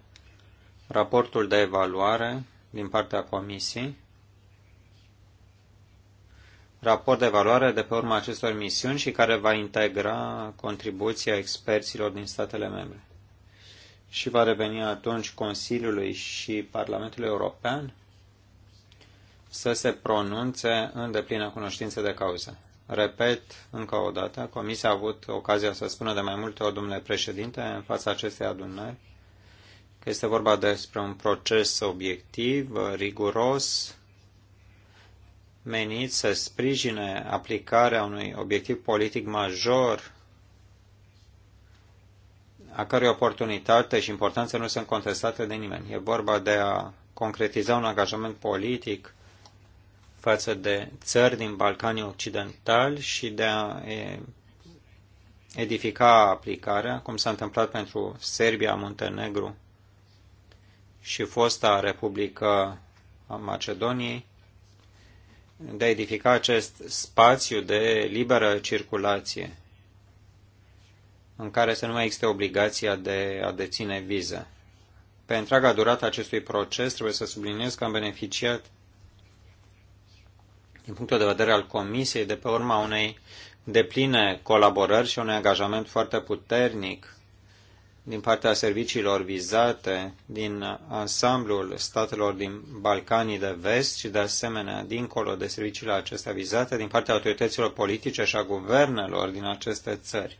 C: raportul de evaluare din partea Comisiei, raport de evaluare de pe urma acestor misiuni și care va integra contribuția experților din statele membre. Și va reveni atunci Consiliului și Parlamentului European să se pronunțe în deplină cunoștință de cauză. Repet încă o dată, Comisia a avut ocazia să spună de mai multe ori, domnule președinte, în fața acestei adunări, că este vorba despre un proces obiectiv, riguros, menit să sprijine aplicarea unui obiectiv politic major a cărui oportunitate și importanță nu sunt contestate de nimeni. E vorba de a concretiza un angajament politic față de țări din Balcanii Occidentali și de a edifica aplicarea, cum s-a întâmplat pentru Serbia, Muntenegru și fosta Republică a Macedoniei, de a edifica acest spațiu de liberă circulație în care să nu mai existe obligația de a deține viză. Pe întreaga durată acestui proces trebuie să subliniez că am beneficiat din punctul de vedere al Comisiei, de pe urma unei depline colaborări și unui angajament foarte puternic din partea serviciilor vizate din ansamblul statelor din Balcanii de Vest și, de asemenea, dincolo de serviciile acestea vizate, din partea autorităților politice și a guvernelor din aceste țări.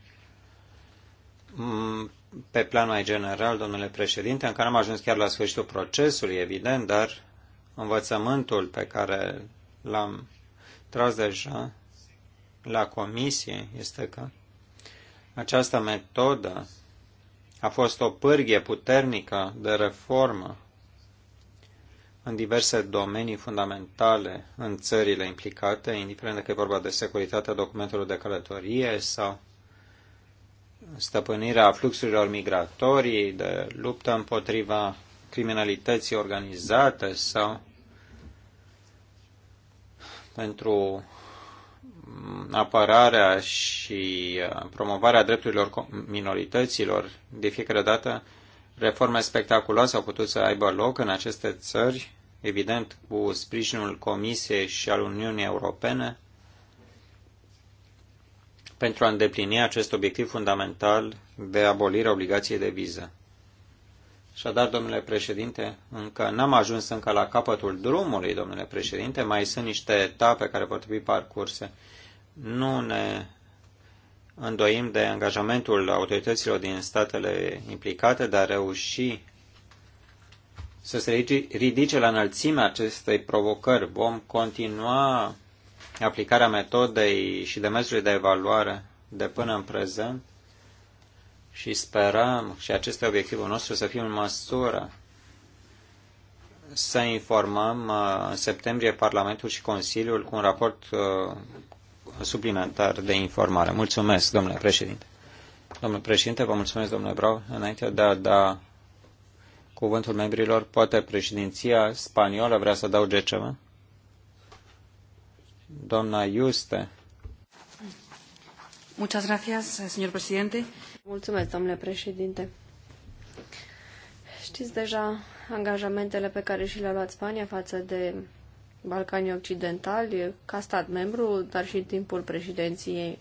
C: Mm, pe plan mai general, domnule președinte, încă n-am ajuns chiar la sfârșitul procesului, evident, dar învățământul pe care l-am tras deja la comisie este că această metodă a fost o pârghie puternică de reformă în diverse domenii fundamentale în țările implicate, indiferent dacă e vorba de securitatea documentelor de călătorie sau stăpânirea fluxurilor migratorii, de luptă împotriva criminalității organizate sau pentru apărarea și uh, promovarea drepturilor minorităților, de fiecare dată reforme spectaculoase au putut să aibă loc în aceste țări, evident cu sprijinul Comisiei și al Uniunii Europene, pentru a îndeplini acest obiectiv fundamental de abolire obligației de viză. Așadar, domnule președinte, încă n-am ajuns încă la capătul drumului, domnule președinte, mai sunt niște etape care vor trebui parcurse. Nu ne îndoim de angajamentul autorităților din statele implicate de a reuși să se ridice la înălțimea acestei provocări. Vom continua aplicarea metodei și de mesurile de evaluare de până în prezent și sperăm, și acest obiectivul nostru, să fim în măsură să informăm uh, în septembrie Parlamentul și Consiliul cu un raport uh, suplimentar de informare. Mulțumesc, domnule președinte. Domnule președinte, vă mulțumesc, domnule Brau. Înainte de a da cuvântul membrilor, poate președinția spaniolă vrea să adauge ceva? Doamna Iuste.
A: Muchas gracias, señor presidente. Mulțumesc, domnule președinte. Știți deja angajamentele pe care și le-a luat Spania față de Balcanii Occidentali, ca stat membru, dar și în timpul președinției.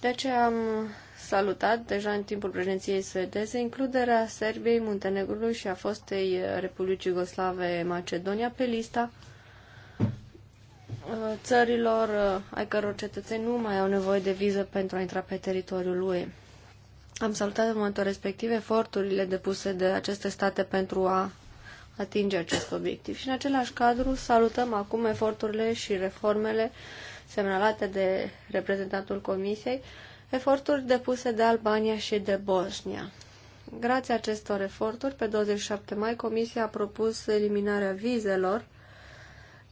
A: De aceea am salutat deja în timpul președinției suedeze includerea Serbiei, Muntenegrului și a fostei Republicii Iugoslave Macedonia pe lista uh, țărilor uh, ai căror cetățeni nu mai au nevoie de viză pentru a intra pe teritoriul UE. Am salutat în momentul respectiv eforturile depuse de aceste state pentru a atinge acest obiectiv. Și în același cadru salutăm acum eforturile și reformele semnalate de reprezentantul Comisiei, eforturi depuse de Albania și de Bosnia. Grație acestor eforturi, pe 27 mai, Comisia a propus eliminarea vizelor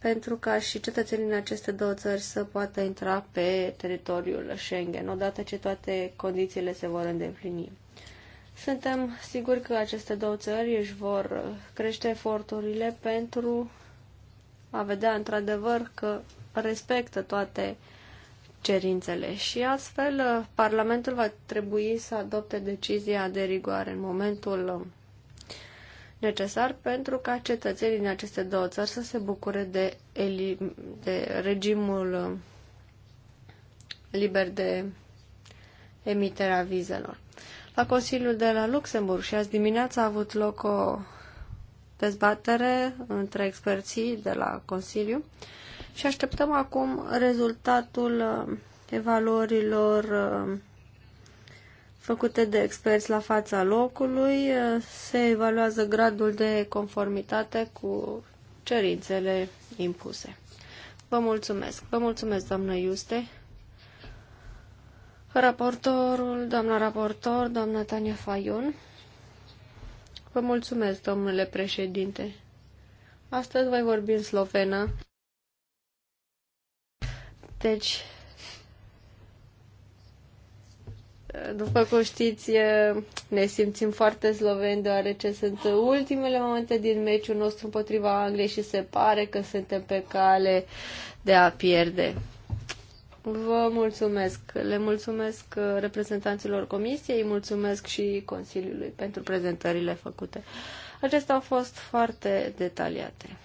A: pentru ca și cetățenii în aceste două țări să poată intra pe teritoriul Schengen, odată ce toate condițiile se vor îndeplini. Suntem siguri că aceste două țări își vor crește eforturile pentru a vedea într-adevăr că respectă toate cerințele și astfel Parlamentul va trebui să adopte decizia de rigoare în momentul necesar pentru ca cetățenii din aceste două țări să se bucure de, eli de regimul uh, liber de emiterea vizelor. La Consiliul de la Luxemburg și azi dimineața a avut loc o dezbatere între experții de la Consiliu și așteptăm acum rezultatul uh, evaluărilor uh, făcute de experți la fața locului, eh, se evaluează gradul de conformitate cu cerințele impuse. Vă mulțumesc. Vă mulțumesc, doamnă Iuste. Raportorul, doamna raportor, doamna Tania Faiun. Vă mulțumesc, domnule președinte. Astăzi voi vorbi în slovenă. Deci, După cum știți, ne simțim foarte sloveni deoarece sunt ultimele momente din meciul nostru împotriva Angliei și se pare că suntem pe cale de a pierde. Vă mulțumesc. Le mulțumesc uh, reprezentanților comisiei, mulțumesc și Consiliului pentru prezentările făcute. Acestea au fost foarte detaliate.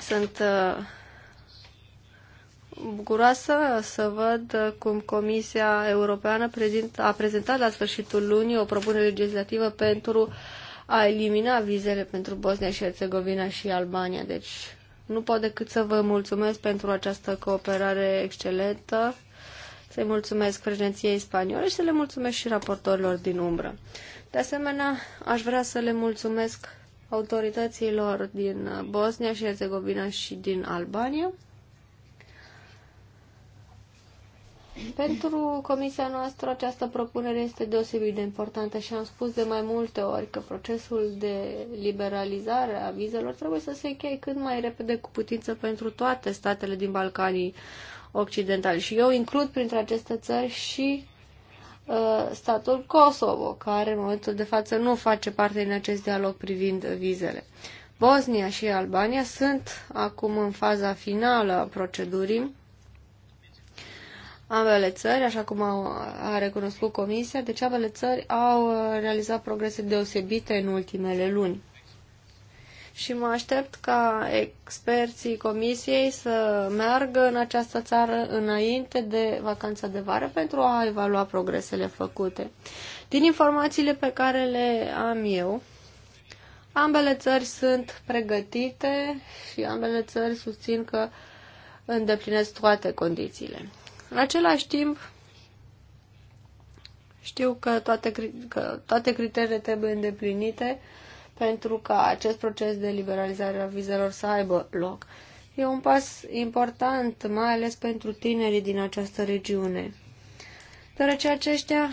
A: Sunt uh, bucuroasă să văd cum Comisia Europeană a prezentat la sfârșitul lunii o propunere legislativă pentru a elimina vizele pentru Bosnia și Herțegovina și Albania. Deci nu pot decât să vă mulțumesc pentru această cooperare excelentă, să-i mulțumesc președinției spaniole și să le mulțumesc și raportorilor din umbră. De asemenea, aș vrea să le mulțumesc autorităților din Bosnia și Herzegovina și din Albania, Pentru comisia noastră această propunere este deosebit de importantă și am spus de mai multe ori că procesul de liberalizare a vizelor trebuie să se încheie cât mai repede cu putință pentru toate statele din Balcanii Occidentali. Și eu includ printre aceste țări și uh, statul Kosovo, care în momentul de față nu face parte din acest dialog privind vizele. Bosnia și Albania sunt acum în faza finală a procedurii Ambele țări, așa cum au, a recunoscut Comisia, deci ambele țări au uh, realizat progrese deosebite în ultimele luni. Și mă aștept ca experții Comisiei să meargă în această țară înainte de vacanța de vară pentru a evalua progresele făcute. Din informațiile pe care le am eu, ambele țări sunt pregătite și ambele țări susțin că îndeplinesc toate condițiile. În același timp, știu că toate, că toate criteriile trebuie îndeplinite pentru ca acest proces de liberalizare a vizelor să aibă loc. E un pas important, mai ales pentru tinerii din această regiune, deoarece aceștia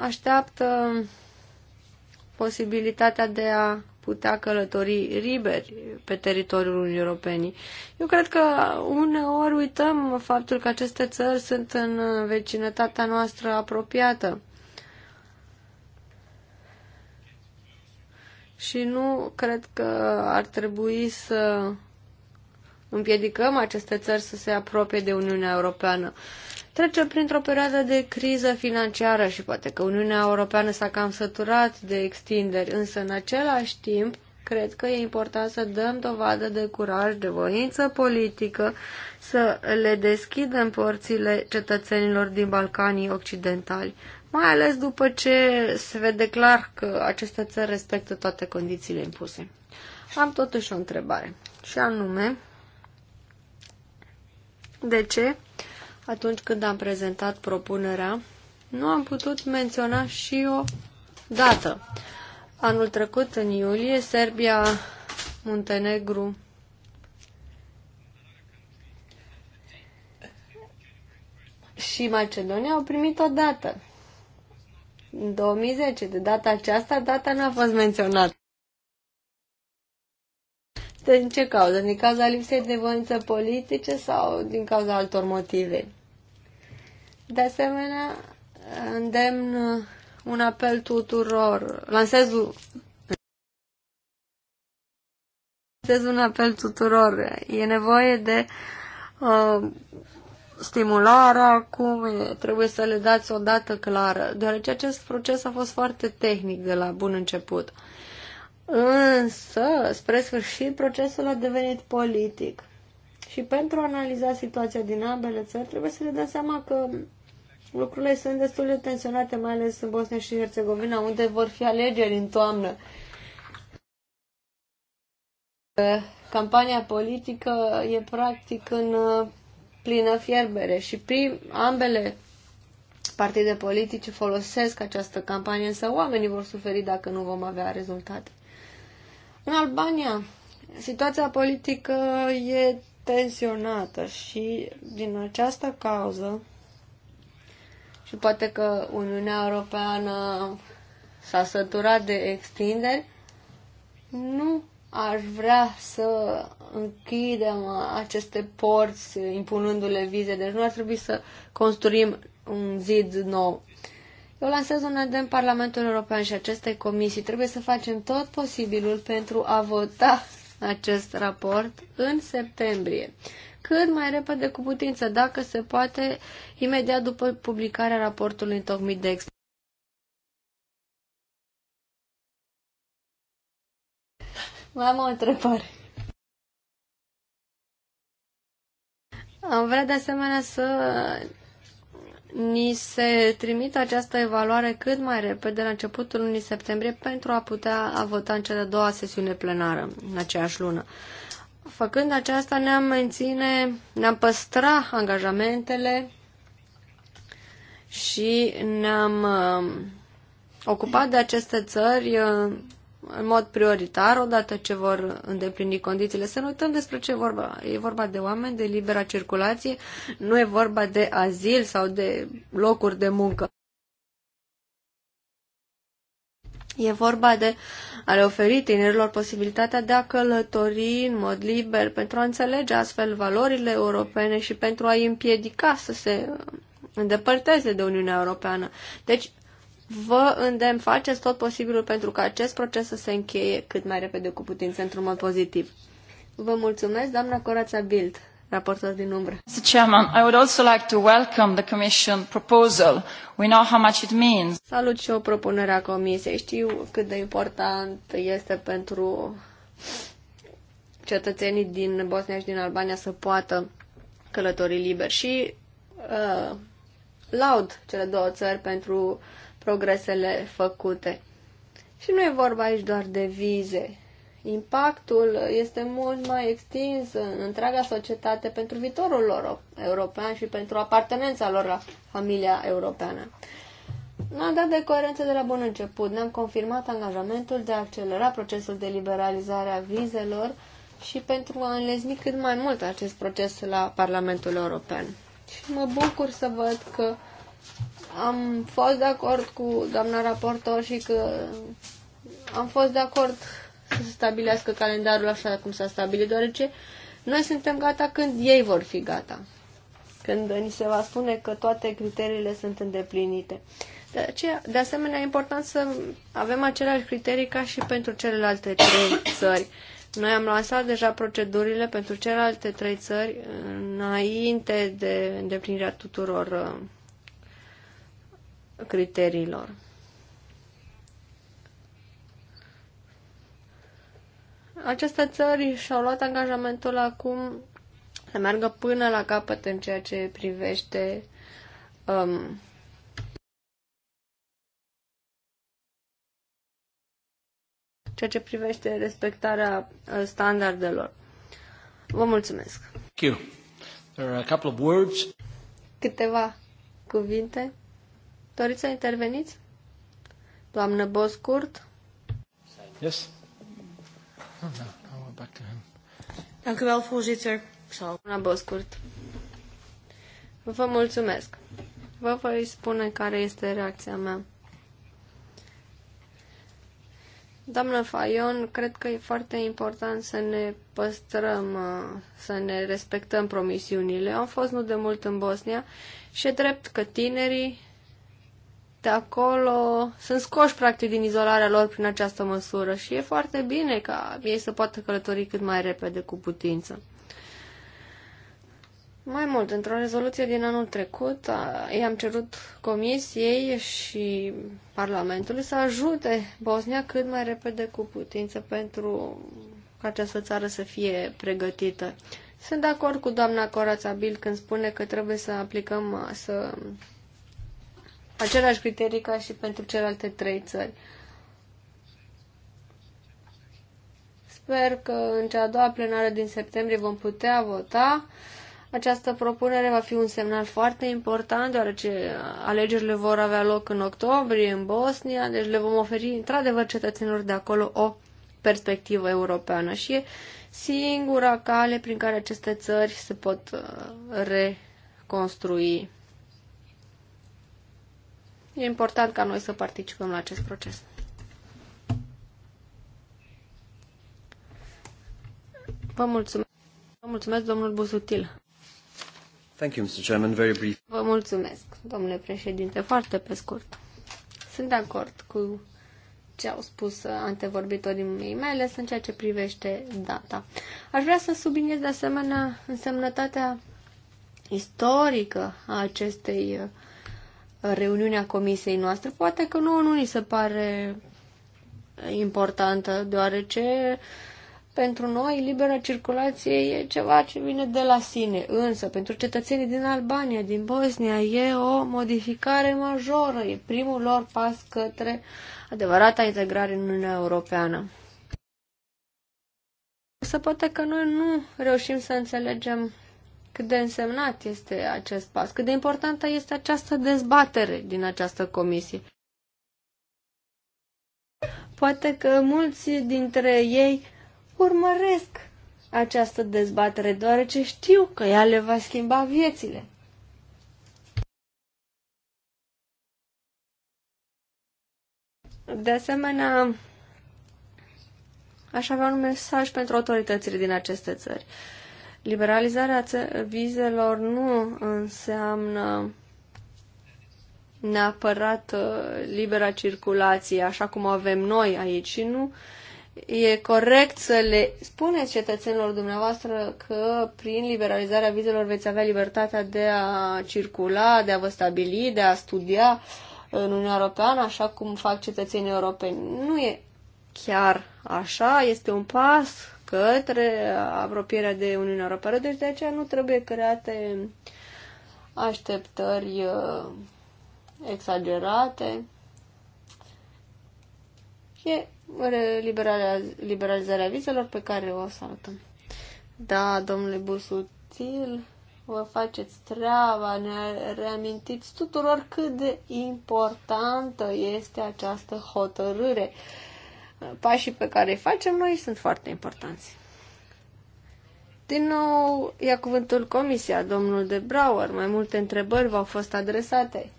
A: așteaptă posibilitatea de a putea călători liberi pe teritoriul Uniunii Europene. Eu cred că uneori uităm faptul că aceste țări sunt în vecinătatea noastră apropiată. Și nu cred că ar trebui să împiedicăm aceste țări să se apropie de Uniunea Europeană. Trecem printr-o perioadă de criză financiară și poate că Uniunea Europeană s-a cam săturat de extinderi, însă în același timp cred că e important să dăm dovadă de curaj, de voință politică, să le deschidem porțile cetățenilor din Balcanii Occidentali, mai ales după ce se vede clar că aceste țări respectă toate condițiile impuse. Am totuși o întrebare, și anume, de ce atunci când am prezentat propunerea, nu am putut menționa și o dată. Anul trecut, în iulie, Serbia, Muntenegru, și Macedonia au primit o dată. În 2010, de data aceasta, data n-a fost menționată. Din ce cauză? Din cauza lipsei de voință politice sau din cauza altor motive? De asemenea, îndemn un apel tuturor, lansez un, lansez un apel tuturor. E nevoie de uh, stimularea acum, trebuie să le dați o dată clară, deoarece acest proces a fost foarte tehnic de la bun început. Uh, Însă, spre sfârșit, procesul a devenit politic. Și pentru a analiza situația din ambele țări, trebuie să ne dăm seama că lucrurile sunt destul de tensionate, mai ales în Bosnia și Herțegovina, unde vor fi alegeri în toamnă. Campania politică e practic în uh, plină fierbere și prim, ambele partide politice folosesc această campanie, însă oamenii vor suferi dacă nu vom avea rezultate. În Albania, situația politică e tensionată și din această cauză și poate că Uniunea Europeană s-a săturat de extinderi, nu aș vrea să închidem aceste porți impunându-le vize, deci nu ar trebui să construim un zid nou. Eu lansez un îndemn Parlamentul European și acestei comisii. Trebuie să facem tot posibilul pentru a vota acest raport în septembrie. Cât mai repede cu putință, dacă se poate, imediat după publicarea raportului întocmit de expert. Mai am o întrebare. Am vrea de asemenea să ni se trimite această evaluare cât mai repede, la începutul lunii septembrie, pentru a putea a vota în cea de-a doua sesiune plenară în aceeași lună. Făcând aceasta, ne-am menține, ne-am păstra angajamentele și ne-am uh, ocupat de aceste țări uh, în mod prioritar, odată ce vor îndeplini condițiile. Să nu uităm despre ce e vorba. E vorba de oameni, de libera circulație, nu e vorba de azil sau de locuri de muncă. E vorba de a le oferi tinerilor posibilitatea de a călători în mod liber pentru a înțelege astfel valorile europene și pentru a-i împiedica să se îndepărteze de Uniunea Europeană. Deci vă îndemn, faceți tot posibilul pentru ca acest proces să se încheie cât mai repede cu putință într-un mod pozitiv. Vă mulțumesc, doamna Corața Bild, raportor din umbră.
B: Mr. Chairman, I would also like to welcome the Commission proposal. We know
A: how much it means. Salut și o propunere a Comisiei. Știu cât de important este pentru cetățenii din Bosnia și din Albania să poată călători liber și uh, laud cele două țări pentru progresele făcute. Și nu e vorba aici doar de vize. Impactul este mult mai extins în întreaga societate pentru viitorul lor european și pentru apartenența lor la familia europeană. Ne-am dat de coerență de la bun început. Ne-am confirmat angajamentul de a accelera procesul de liberalizare a vizelor și pentru a înlezni cât mai mult acest proces la Parlamentul European. Și mă bucur să văd că am fost de acord cu doamna raportor și că am fost de acord să se stabilească calendarul așa cum s-a stabilit, deoarece noi suntem gata când ei vor fi gata. Când ni se va spune că toate criteriile sunt îndeplinite. De, aceea, de asemenea, e important să avem aceleași criterii ca și pentru celelalte trei țări. Noi am lansat deja procedurile pentru celelalte trei țări înainte de îndeplinirea tuturor uh, criteriilor. Aceste țări și-au luat angajamentul acum să meargă până la capăt în ceea ce privește um, ceea ce privește respectarea uh, standardelor. Vă mulțumesc.
C: Thank you.
B: There are a couple of words.
A: Câteva cuvinte Doriți să interveniți? Doamnă Boscurt?
B: Yes. Oh, no.
A: I'll go back to him. Dank u wel, voorzitter. Doamna Boscurt. Vă mulțumesc. Vă voi spune care este reacția mea. Doamnă Fayon, cred că e foarte important să ne păstrăm, uh, să ne respectăm promisiunile. Am fost nu de mult în Bosnia și e drept că tinerii de acolo sunt scoși practic din izolarea lor prin această măsură și e foarte bine ca ei să poată călători cât mai repede cu putință. Mai mult, într-o rezoluție din anul trecut, i-am cerut Comisiei și Parlamentului să ajute Bosnia cât mai repede cu putință pentru ca această țară să fie pregătită. Sunt de acord cu doamna Corața când spune că trebuie să aplicăm, să aceleași criterii ca și pentru celelalte trei țări. Sper că în cea a doua plenară din septembrie vom putea vota. Această propunere va fi un semnal foarte important, deoarece alegerile vor avea loc în octombrie, în Bosnia, deci le vom oferi, într-adevăr, cetățenilor de acolo o perspectivă europeană și e singura cale prin care aceste țări se pot uh, reconstrui E important ca noi să participăm la acest proces. Vă mulțumesc. Vă mulțumesc, domnul Busutil.
C: Thank you, Mr. Chairman. Very brief.
A: Vă mulțumesc, domnule președinte. Foarte pe scurt. Sunt de acord cu ce au spus antevorbitorii mei, mai ales în ceea ce privește data. Aș vrea să subliniez de asemenea însemnătatea istorică a acestei uh, reuniunea comisiei noastre. Poate că nouă nu ni se pare importantă, deoarece pentru noi libera circulație e ceva ce vine de la sine, însă pentru cetățenii din Albania, din Bosnia, e o modificare majoră, e primul lor pas către adevărata integrare în Uniunea Europeană. Să poate că noi nu reușim să înțelegem cât de însemnat este acest pas, cât de importantă este această dezbatere din această comisie. Poate că mulți dintre ei urmăresc această dezbatere, deoarece știu că ea le va schimba viețile. De asemenea, aș avea un mesaj pentru autoritățile din aceste țări. Uh, Liberalizarea vizelor nu înseamnă neapărat uh, libera circulație, așa cum avem noi aici. Și nu e corect să le spuneți cetățenilor dumneavoastră că prin liberalizarea vizelor veți avea libertatea de a circula, de a vă stabili, de a studia în Uniunea Europeană, așa cum fac cetățenii europeni. Nu e chiar așa, este un pas către apropierea de Uniunea Europeană. Deci de aceea nu trebuie create așteptări uh, exagerate. E liberalizarea vizelor pe care o salutăm. Da, domnule Busuțil, vă faceți treaba, ne reamintiți tuturor cât de importantă este această hotărâre. Uh, pașii pe care îi facem noi sunt foarte importanți. Din nou, ia cuvântul comisia, domnul de Brauer. Mai multe întrebări v-au fost adresate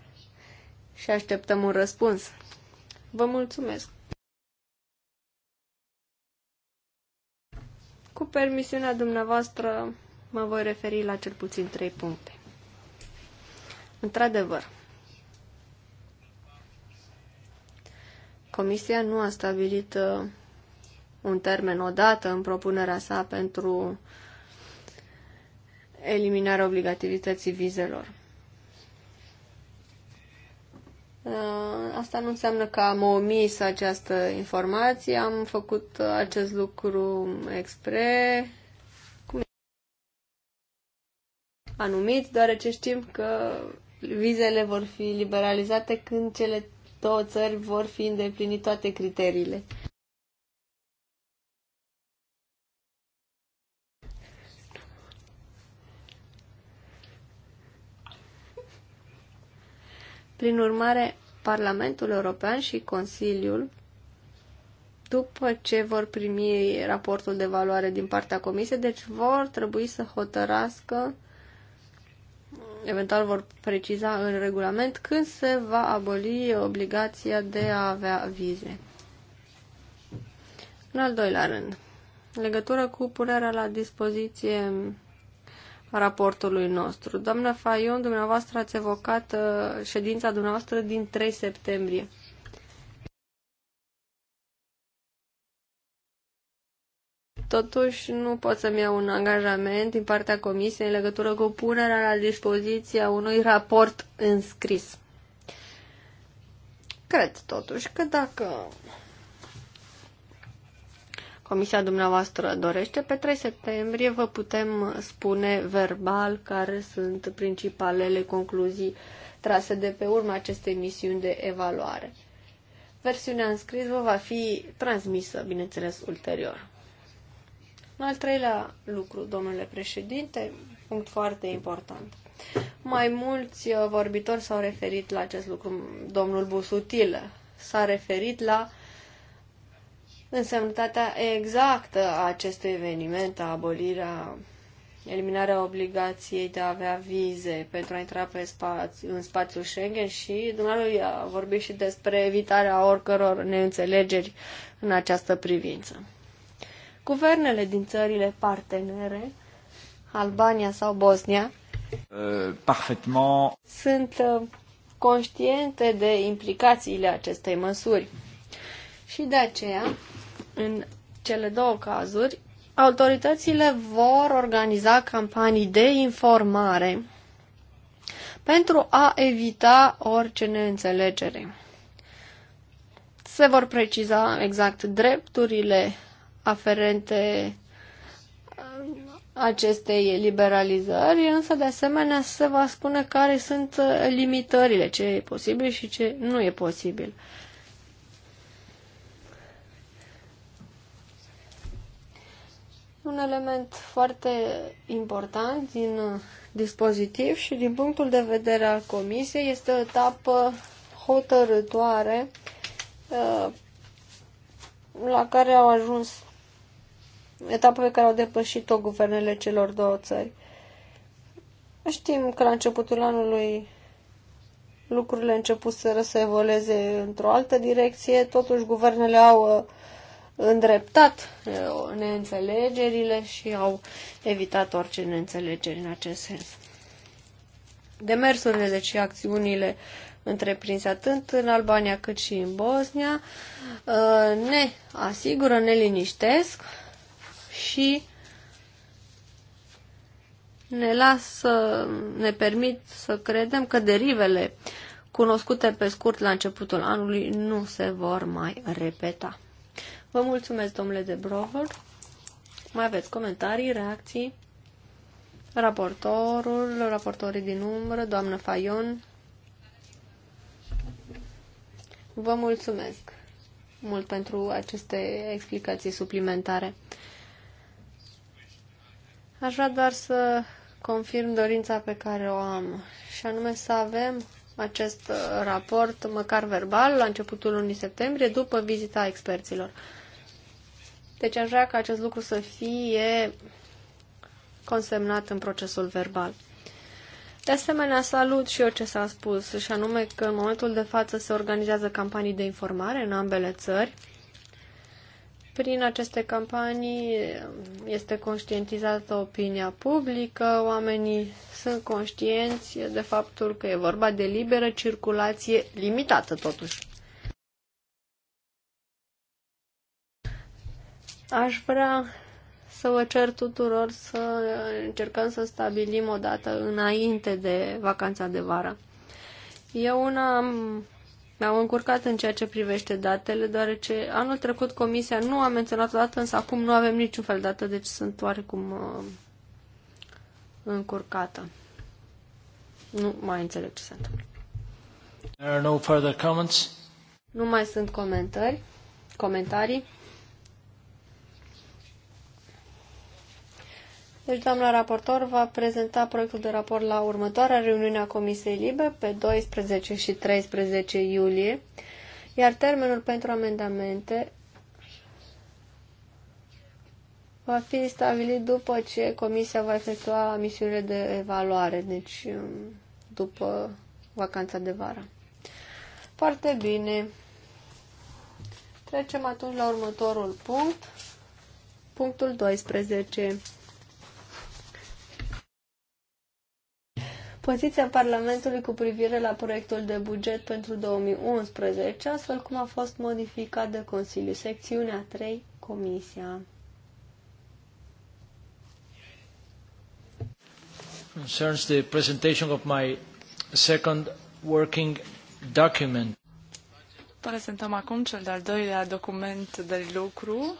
A: și așteptăm un răspuns. Vă mulțumesc! Cu permisiunea dumneavoastră, mă voi referi la cel puțin trei puncte. Într-adevăr, Comisia nu a stabilit uh, un termen odată în propunerea sa pentru eliminarea obligativității vizelor. Uh, asta nu înseamnă că am omis această informație, am făcut uh, acest lucru expre, anumit, deoarece știm că vizele vor fi liberalizate când cele două țări vor fi îndeplinit toate criteriile. Prin urmare, Parlamentul European și Consiliul, după ce vor primi raportul de valoare din partea Comisiei, deci vor trebui să hotărască eventual vor preciza în regulament când se va aboli obligația de a avea vize. În al doilea rând, legătură cu punerea la dispoziție a raportului nostru. Doamna Fayon, dumneavoastră ați evocat uh, ședința dumneavoastră din 3 septembrie. Totuși, nu pot să-mi iau un angajament din partea Comisiei în legătură cu punerea la dispoziție a unui raport înscris. Cred, totuși, că dacă Comisia dumneavoastră dorește, pe 3 septembrie vă putem spune verbal care sunt principalele concluzii trase de pe urma acestei misiuni de evaluare. Versiunea înscrisă vă va fi transmisă, bineînțeles, ulterior. Un al treilea lucru, domnule președinte, punct foarte important. Mai mulți uh, vorbitori s-au referit la acest lucru. Domnul Busutil s-a referit la însemnătatea exactă a acestui eveniment, a abolirea, eliminarea obligației de a avea vize pentru a intra pe spaț- în spațiul Schengen și dumnealui a vorbit și despre evitarea oricăror neînțelegeri în această privință guvernele din țările partenere, Albania sau Bosnia,
C: euh, uh,
A: sunt conștiente de implicațiile acestei măsuri. Și de aceea, în cele două cazuri, autoritățile vor organiza campanii de informare pentru a evita orice neînțelegere. Se vor preciza exact drepturile aferente acestei liberalizări, însă de asemenea se va spune care sunt limitările, ce e posibil și ce nu e posibil. Un element foarte important din dispozitiv și din punctul de vedere al comisiei este o etapă hotărătoare uh, la care au ajuns etapă pe care au depășit-o guvernele celor două țări. Știm că la începutul anului lucrurile începuseră să evolueze într-o altă direcție, totuși guvernele au uh, îndreptat uh, neînțelegerile și au evitat orice neînțelegeri în acest sens. Demersurile, deci și acțiunile întreprinse atât în Albania cât și în Bosnia uh, ne asigură, ne liniștesc și ne lasă, ne permit să credem că derivele cunoscute pe scurt la începutul anului nu se vor mai repeta. Vă mulțumesc, domnule de Brover. Mai aveți comentarii, reacții? Raportorul, raportorii din umbră, doamnă Faion. Vă mulțumesc mult pentru aceste explicații suplimentare. Aș vrea doar să confirm dorința pe care o am, și anume să avem acest uh, raport, măcar verbal, la începutul lunii septembrie, după vizita experților. Deci aș vrea ca acest lucru să fie consemnat în procesul verbal. De asemenea, salut și eu ce s-a spus, și anume că în momentul de față se organizează campanii de informare în ambele țări, prin aceste campanii este conștientizată opinia publică, oamenii sunt conștienți de faptul că e vorba de liberă circulație limitată totuși. Aș vrea să vă cer tuturor să încercăm să stabilim o dată înainte de vacanța de vară. Eu una am mi-am încurcat în ceea ce privește datele, deoarece anul trecut comisia nu a menționat o dată, însă acum nu avem niciun fel de dată, deci sunt oarecum uh, încurcată. Nu mai înțeleg ce se întâmplă. There are no further comments. Nu mai sunt comentarii. Deci, doamna raportor va prezenta proiectul de raport la următoarea reuniune a Comisiei Libe pe 12 și 13 iulie, iar termenul pentru amendamente va fi stabilit după ce Comisia va efectua misiunile de evaluare, deci um, după vacanța de vară. Foarte bine. Trecem atunci la următorul punct, punctul 12. poziția Parlamentului cu privire la proiectul de buget pentru 2011, astfel cum a fost modificat de Consiliu. Secțiunea 3, Comisia. Concerns the presentation of my second working document.
B: Prezentăm acum cel de-al doilea document de lucru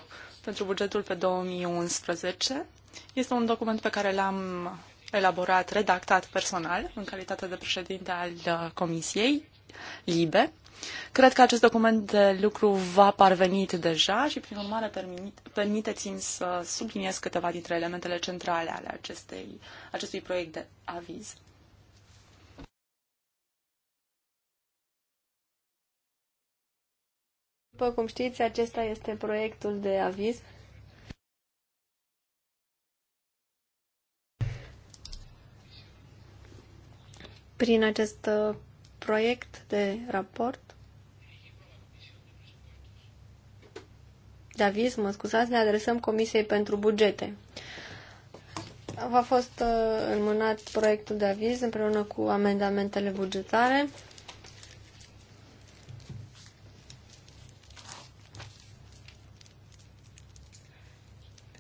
B: pentru bugetul pe 2011. Este un document pe care l-am elaborat, redactat personal, în calitate de președinte al uh, Comisiei Libe. Cred că acest document de lucru va parvenit deja și, prin urmare, permiteți-mi să subliniez câteva dintre elementele centrale ale acestei, acestui proiect de aviz.
A: După cum știți, acesta este proiectul de aviz prin acest uh, proiect de raport, de aviz, mă scuzați, ne adresăm Comisiei pentru Bugete. a fost uh, înmânat proiectul de aviz împreună cu amendamentele bugetare.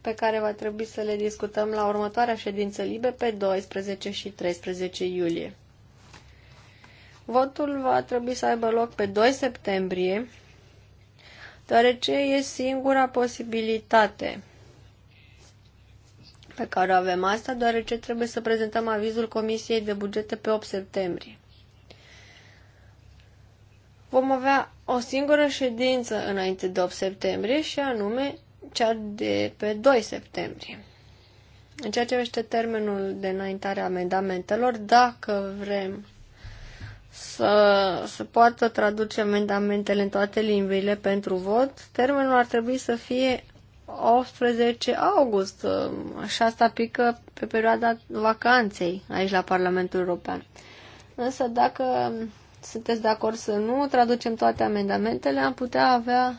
A: pe care va trebui să le discutăm la următoarea ședință libe pe 12 și 13 iulie. Votul va trebui să aibă loc pe 2 septembrie, deoarece e singura posibilitate pe care o avem asta, deoarece trebuie să prezentăm avizul Comisiei de Bugete pe 8 septembrie. Vom avea o singură ședință înainte de 8 septembrie și anume cea de pe 2 septembrie. În ceea ce vește termenul de înaintare a amendamentelor, dacă vrem să se poată traduce amendamentele în toate limbile pentru vot. Termenul ar trebui să fie 18 august și asta pică pe perioada vacanței aici la Parlamentul European. Însă dacă sunteți de acord să nu traducem toate amendamentele, am putea avea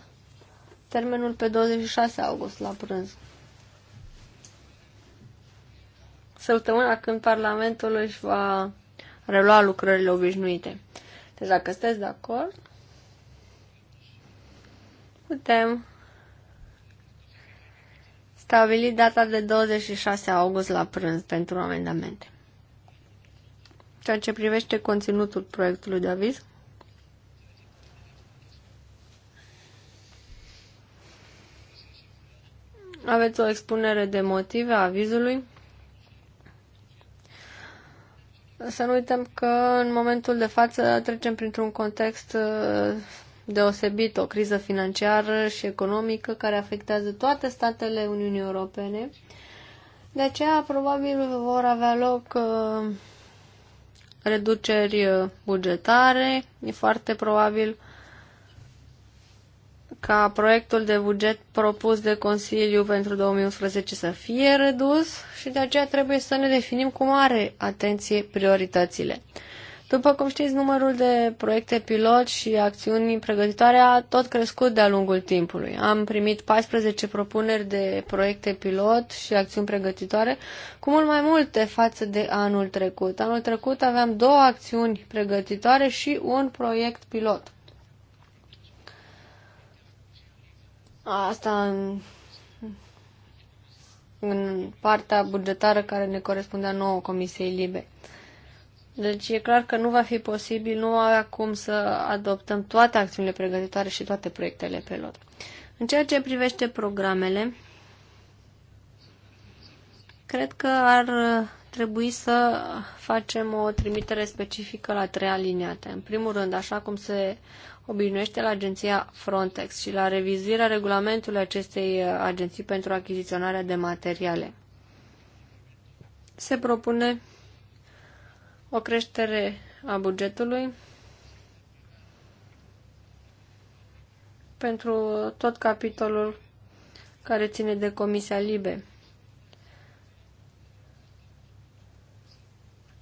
A: termenul pe 26 august la prânz. Săptămâna când Parlamentul își va relua lucrările obișnuite. Deci dacă sunteți de acord, putem stabili data de 26 august la prânz pentru amendamente. Ceea ce privește conținutul proiectului de aviz, aveți o expunere de motive a avizului. Să nu uităm că în momentul de față trecem printr-un context uh, deosebit, o criză financiară și economică care afectează toate statele Uniunii Europene. De aceea, probabil, vor avea loc uh, reduceri uh, bugetare. E foarte probabil ca proiectul de buget propus de Consiliu pentru 2011 să fie redus și de aceea trebuie să ne definim cu mare atenție prioritățile. După cum știți, numărul de proiecte pilot și acțiuni pregătitoare a tot crescut de-a lungul timpului. Am primit 14 propuneri de proiecte pilot și acțiuni pregătitoare, cu mult mai multe față de anul trecut. Anul trecut aveam două acțiuni pregătitoare și un proiect pilot. Asta în, în partea bugetară care ne corespundea nouă Comisiei Libe. Deci e clar că nu va fi posibil, nu avea cum să adoptăm toate acțiunile pregătitoare și toate proiectele pe lot. În ceea ce privește programele, cred că ar trebui să facem o trimitere specifică la trei aliniate. În primul rând, așa cum se obișnuiește la agenția Frontex și la revizuirea regulamentului acestei uh, agenții pentru achiziționarea de materiale. Se propune o creștere a bugetului pentru tot capitolul care ține de Comisia Libe.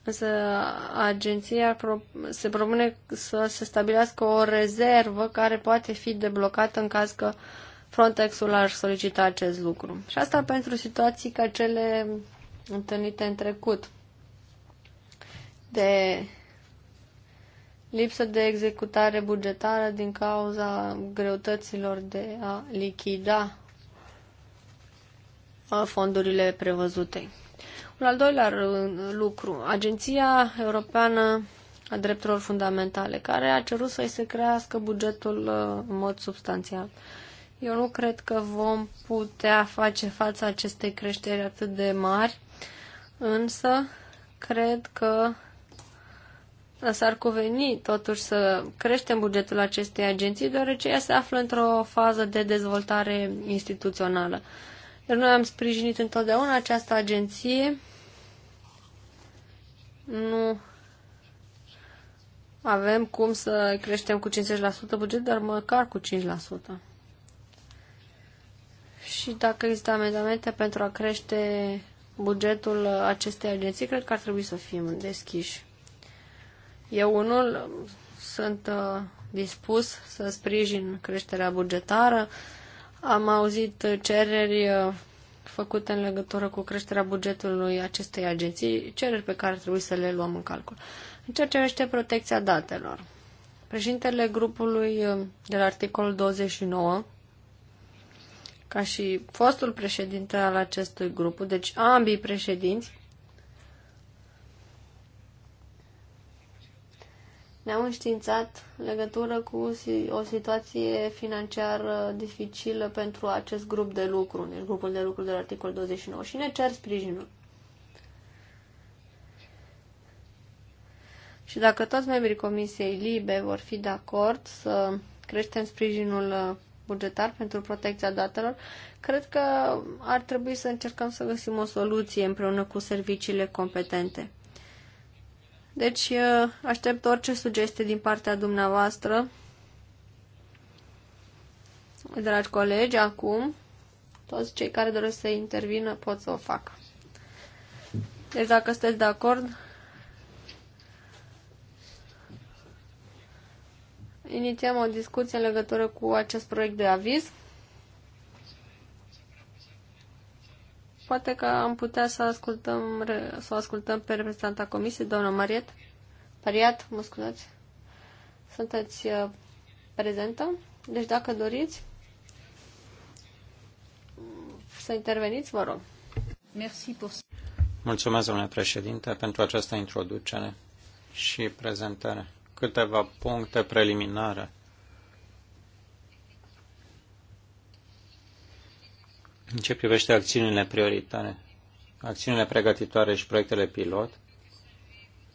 A: Însă agenția se propune să se stabilească o rezervă care poate fi deblocată în caz că Frontexul ar solicita acest lucru. Și asta pentru situații ca cele întâlnite în trecut de lipsă de executare bugetară din cauza greutăților de a lichida uh, fondurile prevăzute. Un al doilea lucru, Agenția Europeană a Drepturilor Fundamentale, care a cerut să-i se crească bugetul uh, în mod substanțial. Eu nu cred că vom putea face față acestei creșteri atât de mari, însă cred că s-ar cuveni totuși să creștem bugetul acestei agenții, deoarece ea se află într-o fază de dezvoltare instituțională. Iar noi am sprijinit întotdeauna această agenție. Nu avem cum să creștem cu 50% buget, dar măcar cu 5%. Și dacă există amendamente pentru a crește bugetul acestei agenții, cred că ar trebui să fim deschiși. Eu unul sunt uh, dispus să sprijin creșterea bugetară, am auzit cereri uh, făcute în legătură cu creșterea bugetului acestei agenții, cereri pe care trebuie să le luăm în calcul. În ceea ce privește protecția datelor, președintele grupului uh, de la articolul 29, ca și fostul președinte al acestui grup, deci ambii președinți, ne-au înștiințat legătură cu o situație financiară dificilă pentru acest grup de lucru, deci grupul de lucru de la articol 29 și ne cer sprijinul. Și dacă toți membrii Comisiei Libe vor fi de acord să creștem sprijinul uh, bugetar pentru protecția datelor, cred că ar trebui să încercăm să găsim o soluție împreună cu serviciile competente. Deci uh, aștept orice sugestie din partea dumneavoastră, dragi colegi, acum. Toți cei care doresc să intervină pot să o facă. Deci dacă sunteți de acord, inițiem o discuție în legătură cu acest proiect de aviz. Poate că am putea să ascultăm, să ascultăm pe reprezentanta comisiei, doamna Mariet. Mariet, mă scuzați. Sunteți uh, prezentă? Deci dacă doriți să interveniți, vă rog.
C: Mulțumesc, domnule președinte, pentru această introducere și prezentare. Câteva puncte preliminare În ce privește acțiunile prioritare, acțiunile pregătitoare și proiectele pilot,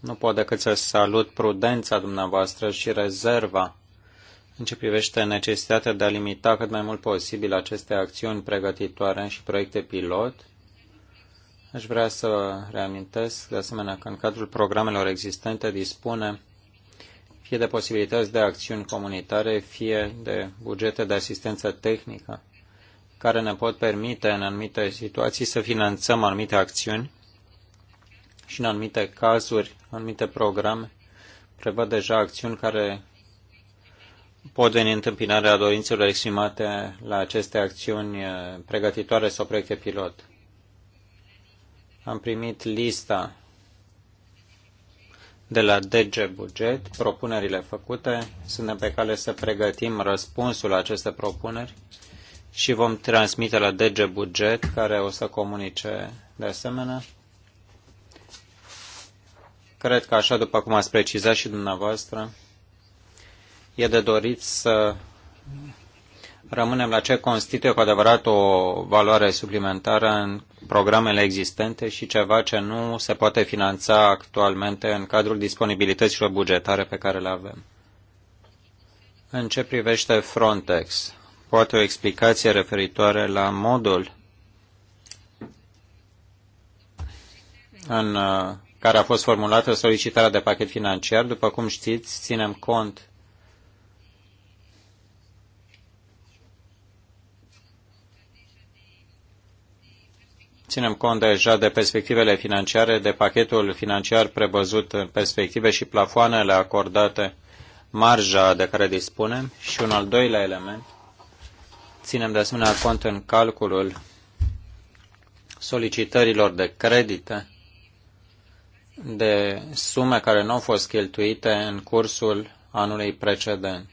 C: nu pot decât să salut prudența dumneavoastră și rezerva în ce privește necesitatea de a limita cât mai mult posibil aceste acțiuni pregătitoare și proiecte pilot. Aș vrea să reamintesc, de asemenea, că în cadrul programelor existente dispune fie de posibilități de acțiuni comunitare, fie de bugete de asistență tehnică care ne pot permite în anumite situații să finanțăm anumite acțiuni și în anumite cazuri, anumite programe, prevăd deja acțiuni care pot veni întâmpinarea dorințelor exprimate la aceste acțiuni eh, pregătitoare sau proiecte pilot. Am primit lista de la DG Buget, propunerile făcute. Suntem pe cale să pregătim răspunsul la aceste propuneri și vom transmite la DG Buget, care o să comunice de asemenea. Cred că așa, după cum ați precizat și dumneavoastră, e de dorit să rămânem la ce constituie cu adevărat o valoare suplimentară în programele existente și ceva ce nu se poate finanța actualmente în cadrul disponibilităților bugetare pe care le avem. În ce privește Frontex, poate o explicație referitoare la modul în uh, care a fost formulată solicitarea de pachet financiar. După cum știți, ținem cont ținem cont deja de perspectivele financiare, de pachetul financiar prevăzut în perspective și plafoanele acordate, marja de care dispunem și un al doilea element – Ținem de asemenea cont în calculul solicitărilor de credite de sume care nu au fost cheltuite în cursul anului precedent.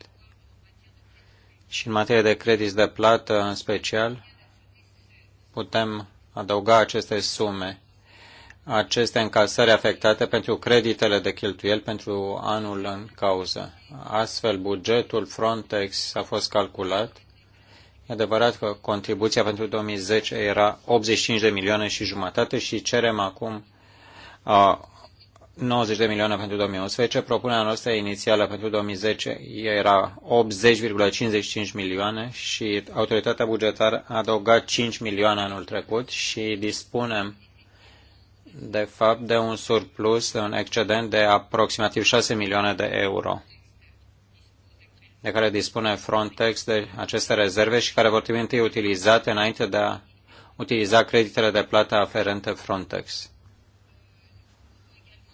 C: Și în materie de credit de plată, în special, putem adăuga aceste sume, aceste încasări afectate pentru creditele de cheltuiel pentru anul în cauză. Astfel, bugetul Frontex a fost calculat E adevărat că contribuția pentru 2010 era 85 de milioane și jumătate și cerem acum uh, 90 de milioane pentru 2011. Propunerea noastră inițială pentru 2010 era 80,55 milioane și autoritatea bugetară a adăugat 5 milioane anul trecut și dispunem de fapt de un surplus, un excedent de aproximativ 6 milioane de euro de care dispune Frontex de aceste rezerve și care vor trebui întâi utilizate înainte de a utiliza creditele de plată aferente Frontex.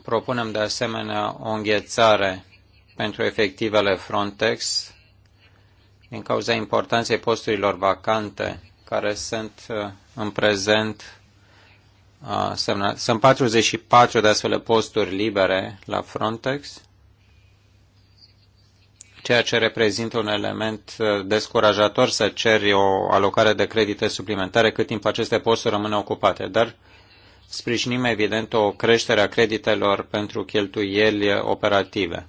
C: Propunem de asemenea o înghețare pentru efectivele Frontex din cauza importanței posturilor vacante care sunt uh, în prezent uh, sunt 44 de astfel de posturi libere la Frontex ceea ce reprezintă un element uh, descurajator să ceri o alocare de credite suplimentare cât timp aceste posturi rămân ocupate. Dar sprijinim evident o creștere a creditelor pentru cheltuieli operative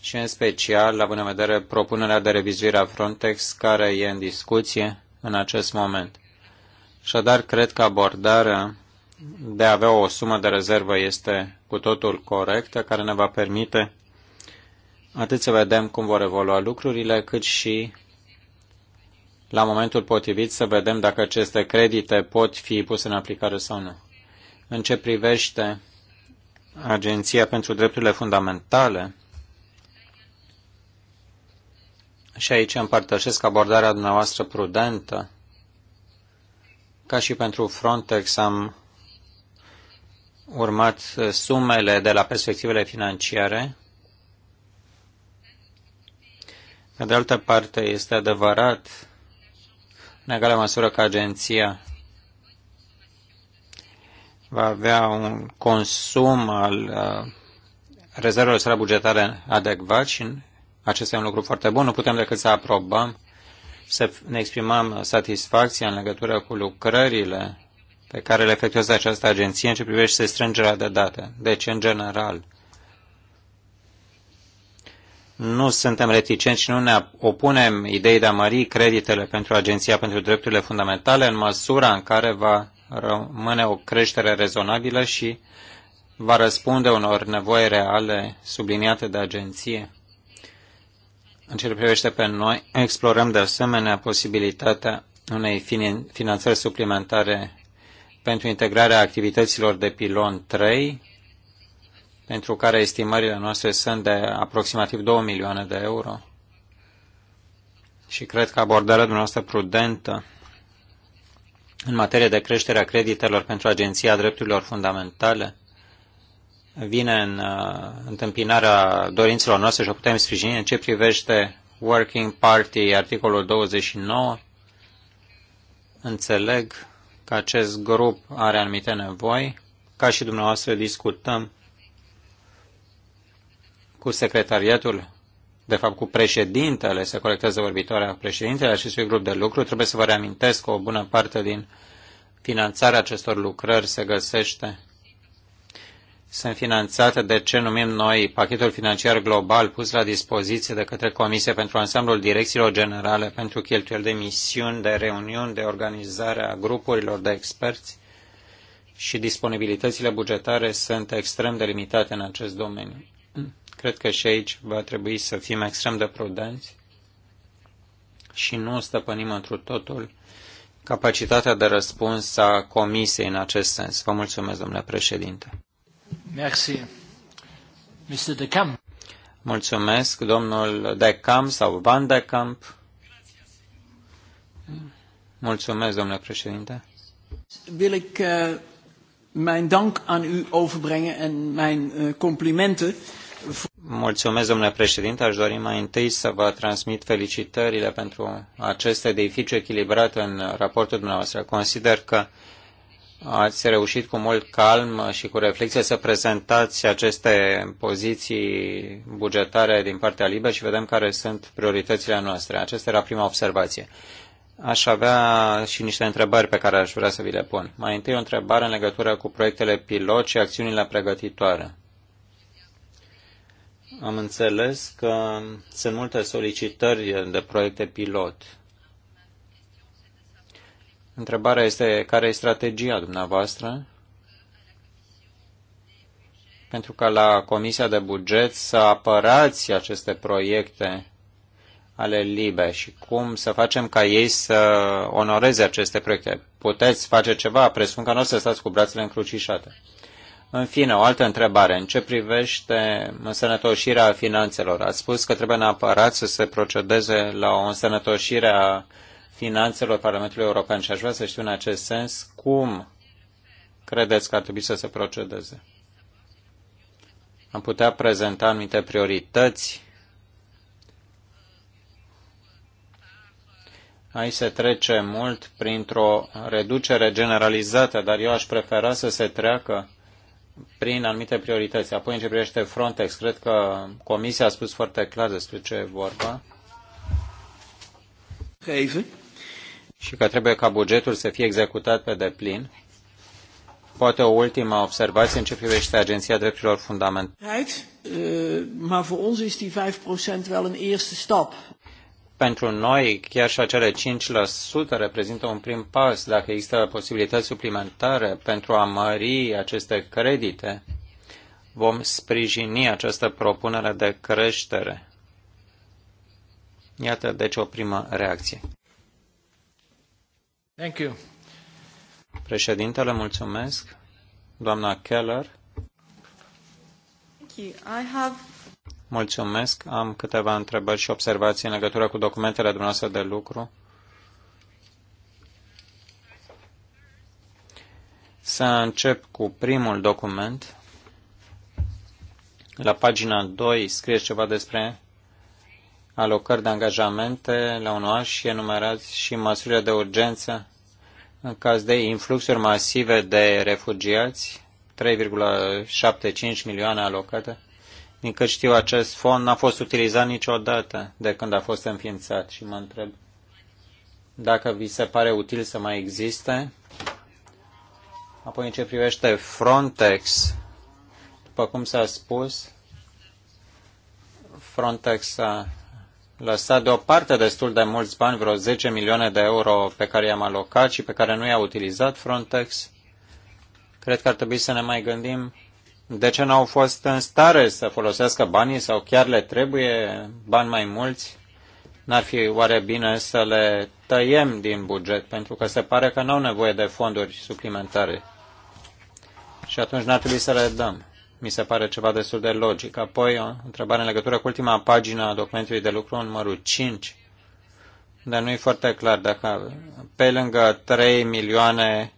C: și în special, având în vedere propunerea de revizuire a Frontex care e în discuție în acest moment. Așadar, cred că abordarea de a avea o sumă de rezervă este cu totul corectă, care ne va permite atât să vedem cum vor evolua lucrurile, cât și la momentul potrivit să vedem dacă aceste credite pot fi puse în aplicare sau nu. În ce privește Agenția pentru Drepturile Fundamentale, și aici împărtășesc abordarea dumneavoastră prudentă, ca și pentru Frontex am urmat sumele de la perspectivele financiare Pe de altă parte, este adevărat, în egală măsură că agenția va avea un consum al uh, rezervelor sale bugetare adecvat și acesta e un lucru foarte bun. Nu putem decât să aprobăm, să ne exprimăm satisfacția în legătură cu lucrările pe care le efectuează această agenție în ce privește strângerea de date. Deci, în general, nu suntem reticenți și nu ne opunem ideii de a mări creditele pentru Agenția pentru Drepturile Fundamentale în măsura în care va rămâne o creștere rezonabilă și va răspunde unor nevoi reale subliniate de agenție. În ce privește pe noi, explorăm de asemenea posibilitatea unei finanțări suplimentare pentru integrarea activităților de pilon 3 pentru care estimările noastre sunt de aproximativ 2 milioane de euro. Și cred că abordarea dumneavoastră prudentă în materie de creștere a creditelor pentru Agenția Drepturilor Fundamentale vine în uh, întâmpinarea dorințelor noastre și o putem sprijini în ce privește Working Party, articolul 29. Înțeleg că acest grup are anumite nevoi. Ca și dumneavoastră discutăm cu secretariatul, de fapt cu președintele, se colectează vorbitoarea președintele acestui grup de lucru. Trebuie să vă reamintesc că o bună parte din finanțarea acestor lucrări se găsește sunt finanțate de ce numim noi pachetul financiar global pus la dispoziție de către Comisie pentru ansamblul direcțiilor generale pentru cheltuieli de misiuni, de reuniuni, de organizare a grupurilor de experți și disponibilitățile bugetare sunt extrem de limitate în acest domeniu. Cred că și aici va trebui să fim extrem de prudenți și nu stăpânim întru totul capacitatea de răspuns a Comisiei în acest sens. Vă mulțumesc, domnule președinte. Merci.
A: Mr. De Camp.
C: Mulțumesc, domnul De Camp sau Van De Camp. Mulțumesc, domnule președinte. Wil ik uh, mijn dank aan u overbrengen en mijn uh, complimenten. Mulțumesc, domnule președinte. Aș dori mai întâi să vă transmit felicitările pentru acest edificiu echilibrat în raportul dumneavoastră. Consider că ați reușit cu mult calm și cu reflexie să prezentați aceste poziții bugetare din partea liberă și vedem care sunt prioritățile noastre. Aceasta era prima observație. Aș avea și niște întrebări pe care aș vrea să vi le pun. Mai întâi o întrebare în legătură cu proiectele pilot și acțiunile pregătitoare. Am înțeles că sunt multe solicitări de proiecte pilot. Întrebarea este care e strategia dumneavoastră pentru ca la Comisia de Buget să apărați aceste proiecte ale LIBE și cum să facem ca ei să onoreze aceste proiecte. Puteți face ceva, presupun că nu o să stați cu brațele încrucișate. În fine, o altă întrebare. În ce privește însănătoșirea finanțelor? Ați spus că trebuie neapărat să se procedeze la o însănătoșire a finanțelor Parlamentului European și aș vrea să știu în acest sens cum credeți că ar trebui să se procedeze. Am putea prezenta anumite priorități. Aici se trece mult printr-o reducere generalizată, dar eu aș prefera să se treacă prin anumite priorități. Apoi, în ce privește Frontex, cred că Comisia a spus foarte clar despre ce e vorba. Even. Și că trebuie ca bugetul să fie executat pe deplin. Poate o ultimă observație în ce privește Agenția Drepturilor Fundamentale.
A: Right. Uh, eh, 5%
C: pentru noi chiar și acele 5% reprezintă un prim pas dacă există posibilități suplimentare pentru a mări aceste credite. Vom sprijini această propunere de creștere. Iată, deci, o primă reacție. Thank you. Președintele, mulțumesc. Doamna Keller.
A: Thank you. I have
C: Mulțumesc. Am câteva întrebări și observații în legătură cu documentele dumneavoastră de lucru. Să încep cu primul document. La pagina 2 scrie ceva despre alocări de angajamente la un oaș și enumerați și măsurile de urgență în caz de influxuri masive de refugiați, 3,75 milioane alocate din cât știu, acest fond n-a fost utilizat niciodată de când a fost înființat și mă întreb dacă vi se pare util să mai existe. Apoi, în ce privește Frontex, după cum s-a spus, Frontex a lăsat deoparte destul de mulți bani, vreo 10 milioane de euro pe care i-am alocat și pe care nu i-a utilizat Frontex. Cred că ar trebui să ne mai gândim de ce n-au fost în stare să folosească banii sau chiar le trebuie bani mai mulți? N-ar fi oare bine să le tăiem din buget, pentru că se pare că n-au nevoie de fonduri suplimentare. Și atunci n-ar trebui să le dăm. Mi se pare ceva destul de logic. Apoi, o întrebare în legătură cu ultima pagină a documentului de lucru, numărul 5, dar nu e foarte clar dacă pe lângă 3 milioane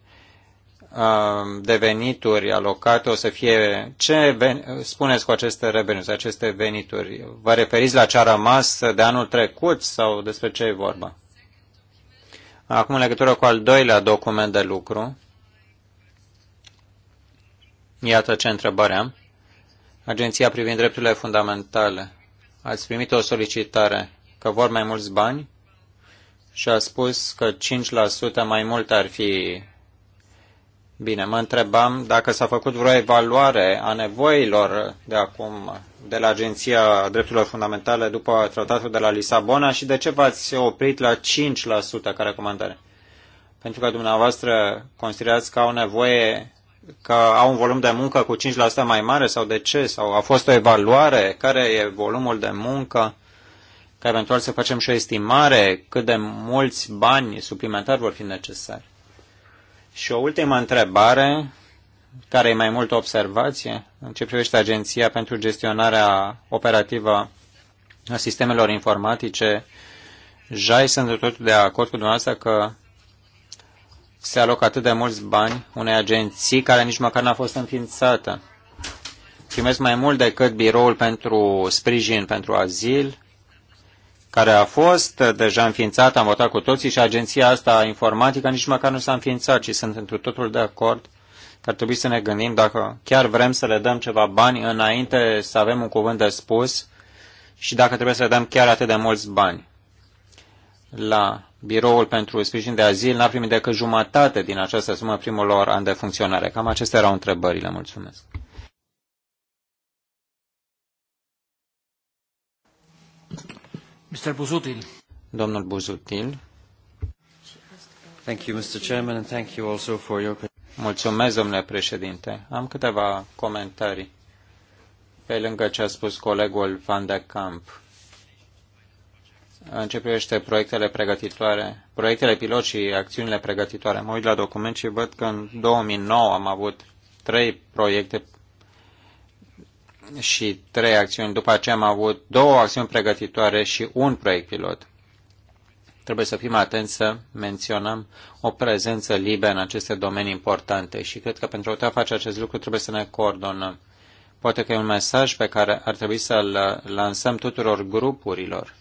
C: Um, de venituri alocate o să fie... Ce spuneți cu aceste revenuri, aceste venituri? Vă referiți la ce a rămas de anul trecut sau despre ce e vorba? Acum, în legătură cu al doilea document de lucru, iată ce întrebare am. Agenția privind drepturile fundamentale. Ați primit o solicitare că vor mai mulți bani și a spus că 5% mai mult ar fi Bine, mă întrebam dacă s-a făcut vreo evaluare a nevoilor de acum de la Agenția Drepturilor Fundamentale după tratatul de la Lisabona și de ce v-ați oprit la 5% ca recomandare. Pentru că dumneavoastră considerați că au nevoie că au un volum de muncă cu 5% mai mare sau de ce? Sau a fost o evaluare? Care e volumul de muncă? Ca eventual să facem și o estimare cât de mulți bani suplimentari vor fi necesari. Și o ultimă întrebare, care e mai mult o observație, în ce privește Agenția pentru gestionarea operativă a sistemelor informatice, JAI sunt tot de acord cu dumneavoastră că se alocă atât de mulți bani unei agenții care nici măcar n-a fost înființată. Primesc mai mult decât biroul pentru sprijin pentru azil, care a fost deja înființată, am votat cu toții și agenția asta informatică nici măcar nu s-a înființat, ci sunt într totul de acord că ar trebui să ne gândim dacă chiar vrem să le dăm ceva bani înainte să avem un cuvânt de spus și dacă trebuie să le dăm chiar atât de mulți bani. La biroul pentru sprijin de azil n-a primit decât jumătate din această sumă primul lor an de funcționare. Cam acestea erau întrebările. Mulțumesc. Mr. Domnul Buzutin. Thank you, Mr. Chairman, and thank you also for your... Mulțumesc, domnule președinte. Am câteva comentarii pe lângă ce a spus colegul Van de Camp. În ce privește proiectele pregătitoare, proiectele pilot și acțiunile pregătitoare, mă uit la document și văd că în 2009 am avut trei proiecte și trei acțiuni. După aceea am avut două acțiuni pregătitoare și un proiect pilot. Trebuie să fim atenți să menționăm o prezență liberă în aceste domenii importante și cred că pentru a putea face acest lucru trebuie să ne coordonăm. Poate că e un mesaj pe care ar trebui să-l lansăm tuturor grupurilor.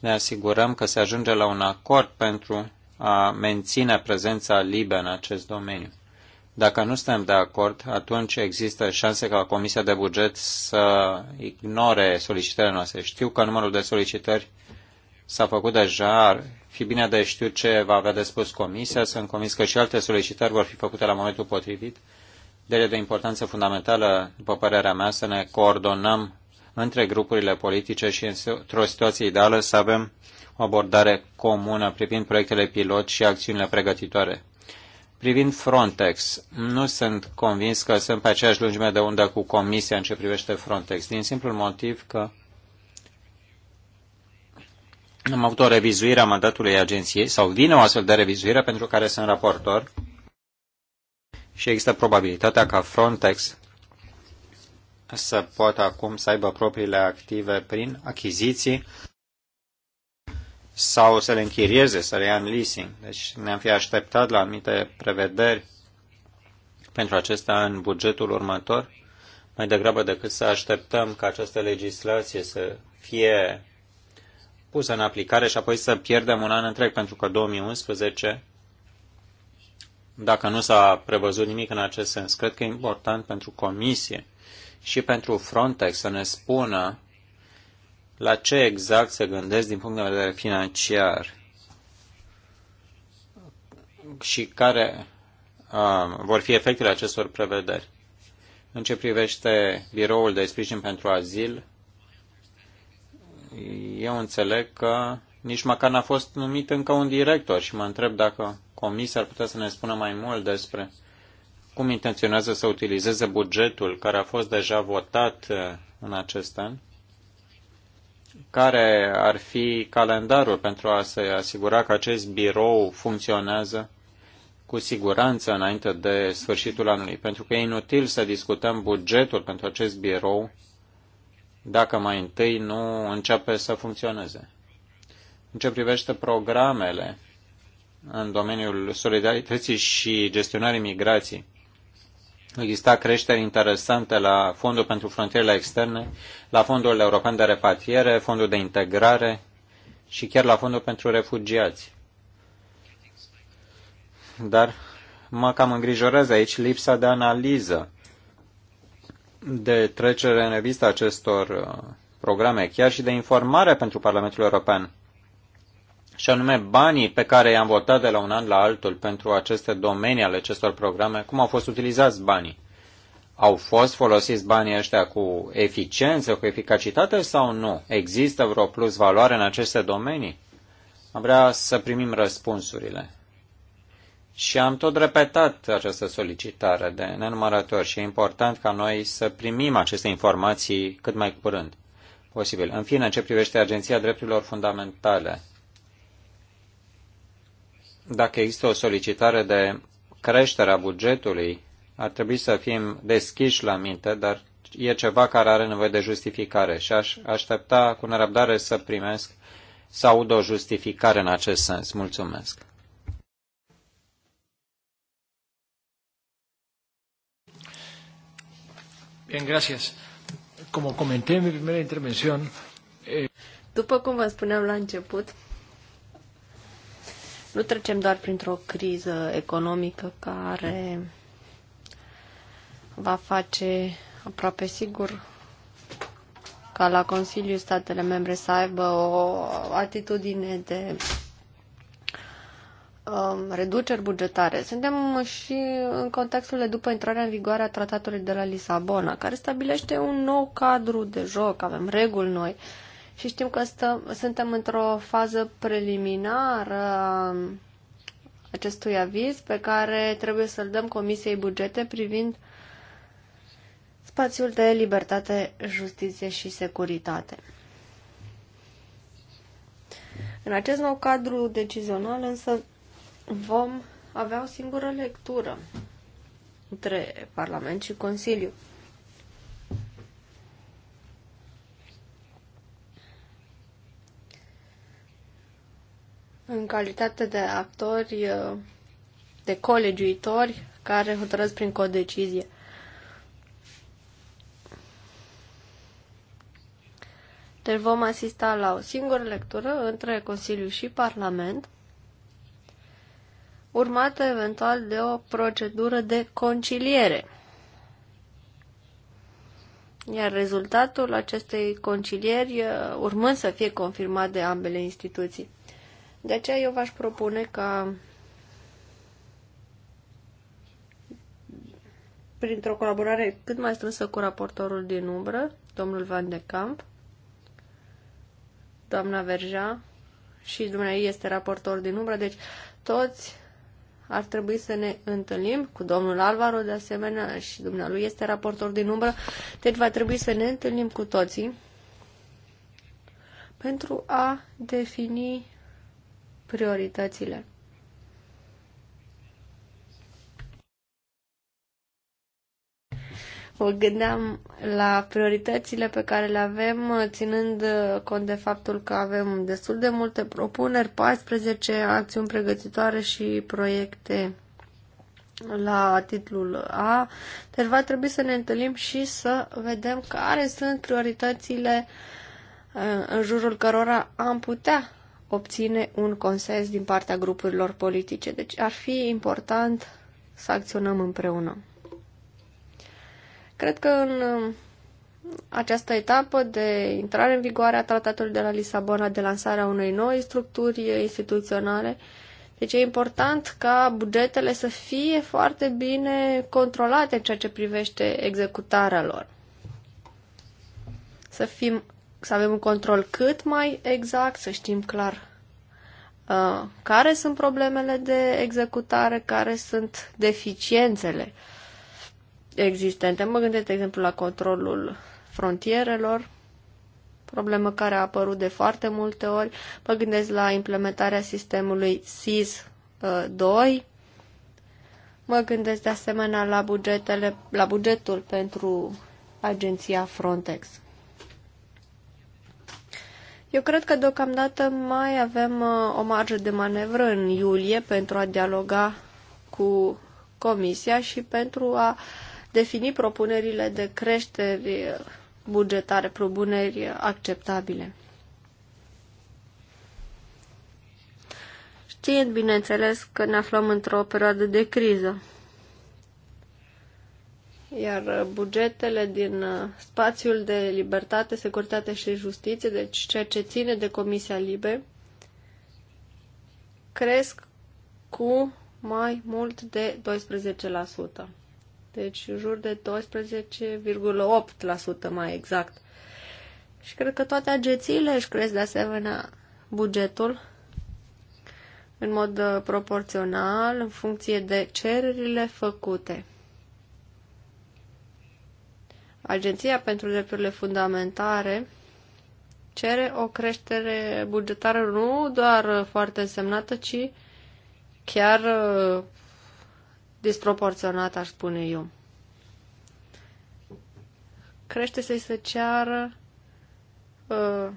C: Ne asigurăm că se ajunge la un acord pentru a menține prezența liberă în acest domeniu. Dacă nu suntem de acord, atunci există șanse ca Comisia de Buget să ignore solicitările noastre. Știu că numărul de solicitări s-a făcut deja, ar fi bine de știu ce va avea de spus Comisia, sunt convins că și alte solicitări vor fi făcute la momentul potrivit. De deci de importanță fundamentală, după părerea mea, să ne coordonăm între grupurile politice și într-o situație ideală să avem o abordare comună privind proiectele pilot și acțiunile pregătitoare. Privind Frontex, nu sunt convins că sunt pe aceeași lungime de undă cu Comisia în ce privește Frontex, din simplul motiv că am avut o revizuire a mandatului agenției sau vine o astfel de revizuire pentru care sunt raportor și există probabilitatea ca Frontex să poată acum să aibă propriile active prin achiziții sau să le închirieze, să le ia în leasing. Deci ne-am fi așteptat la anumite prevederi pentru acesta în bugetul următor, mai degrabă decât să așteptăm ca această legislație să fie pusă în aplicare și apoi să pierdem un an întreg, pentru că 2011, dacă nu s-a prevăzut nimic în acest sens, cred că e important pentru Comisie și pentru Frontex să ne spună la ce exact se gândesc din punct de vedere financiar și care uh, vor fi efectele acestor prevederi. În ce privește biroul de sprijin pentru azil, eu înțeleg că nici măcar n-a fost numit încă un director și mă întreb dacă comisia ar putea să ne spună mai mult despre cum intenționează să utilizeze bugetul care a fost deja votat uh, în acest an care ar fi calendarul pentru a se asigura că acest birou funcționează cu siguranță înainte de sfârșitul anului, pentru că e inutil să discutăm bugetul pentru acest birou dacă mai întâi nu începe să funcționeze. În ce privește programele în domeniul solidarității și gestionării migrației, exista creșteri interesante la Fondul pentru Frontierele Externe, la Fondul European de Repatriere, Fondul de Integrare și chiar la Fondul pentru Refugiați. Dar mă cam îngrijorează aici lipsa de analiză, de trecere în revistă acestor uh, programe, chiar și de informare pentru Parlamentul European și anume banii pe care i-am votat de la un an la altul pentru aceste domenii ale acestor programe, cum au fost utilizați banii? Au fost folosiți banii ăștia cu eficiență, cu eficacitate sau nu? Există vreo plus valoare în aceste domenii? Am vrea să primim răspunsurile. Și am tot repetat această solicitare de nenumărător și e important ca noi să primim aceste informații cât mai curând posibil. În fine, în ce privește Agenția Drepturilor Fundamentale, dacă există o solicitare de creștere a bugetului, ar trebui să fim deschiși la minte, dar e ceva care are nevoie de justificare și aș aștepta cu nerăbdare să primesc să aud o justificare în acest sens. Mulțumesc.
A: Bien, gracias. Como comenté mi primera intervención, eh... După cum vă spuneam la început, nu trecem doar printr-o criză economică care va face aproape sigur ca la Consiliul statele membre să aibă o atitudine de um, reduceri bugetare. Suntem și în contextul de după intrarea în vigoare a tratatului de la Lisabona, care stabilește un nou cadru de joc, avem reguli noi. Uh, și știm că stă, suntem într-o fază preliminară a acestui aviz pe care trebuie să-l dăm Comisiei Bugete privind spațiul de libertate, justiție și securitate. În acest nou cadru decizional însă vom avea o singură lectură între Parlament și Consiliu. în calitate de actori, uh, de colegiuitori care hotărăsc prin codecizie. Deci vom asista la o singură lectură între Consiliu și Parlament, urmată eventual de o procedură de conciliere. Iar rezultatul acestei concilieri uh, urmând să fie confirmat de ambele instituții. De aceea eu v-aș propune ca printr-o colaborare cât mai strânsă cu raportorul din umbră, domnul Van de Camp, doamna Verja și dumneavoastră este raportor din umbră, deci toți ar trebui să ne întâlnim cu domnul Alvaro de asemenea și dumnealui este raportor din umbră, deci va trebui să ne întâlnim cu toții pentru a defini prioritățile. Mă gândeam la prioritățile pe care le avem, ținând cont de faptul că avem destul de multe propuneri, 14 acțiuni pregătitoare și proiecte la titlul A. Deci va trebui să ne întâlnim și să vedem care sunt prioritățile eh, în jurul cărora am putea obține un consens din partea grupurilor politice. Deci ar fi important să acționăm împreună. Cred că în uh, această etapă de intrare în vigoare a tratatului de la Lisabona, de lansarea unei noi structuri instituționale, deci e important ca bugetele să fie foarte bine controlate în ceea ce privește executarea lor. Să fim să avem un control cât mai exact, să știm clar uh, care sunt problemele de executare, care sunt deficiențele existente. Mă gândesc, de exemplu, la controlul frontierelor, problemă care a apărut de foarte multe ori. Mă gândesc la implementarea sistemului SIS-2. Uh, mă gândesc de asemenea la, bugetele, la bugetul pentru agenția Frontex. Eu cred că deocamdată mai avem uh, o marjă de manevră în iulie pentru a dialoga cu Comisia și pentru a defini propunerile de creșteri bugetare, propuneri acceptabile. Știind, bineînțeles, că ne aflăm într-o perioadă de criză iar uh, bugetele din uh, spațiul de libertate, securitate și justiție, deci ceea ce ține de Comisia Libe, cresc cu mai mult de 12%. Deci în jur de 12,8% mai exact. Și cred că toate agențiile își cresc de asemenea bugetul în mod uh, proporțional, în funcție de cererile făcute. Agenția pentru Drepturile Fundamentare cere o creștere bugetară nu doar foarte însemnată, ci chiar uh, disproporționată, aș spune eu. Crește să-i se ceară uh,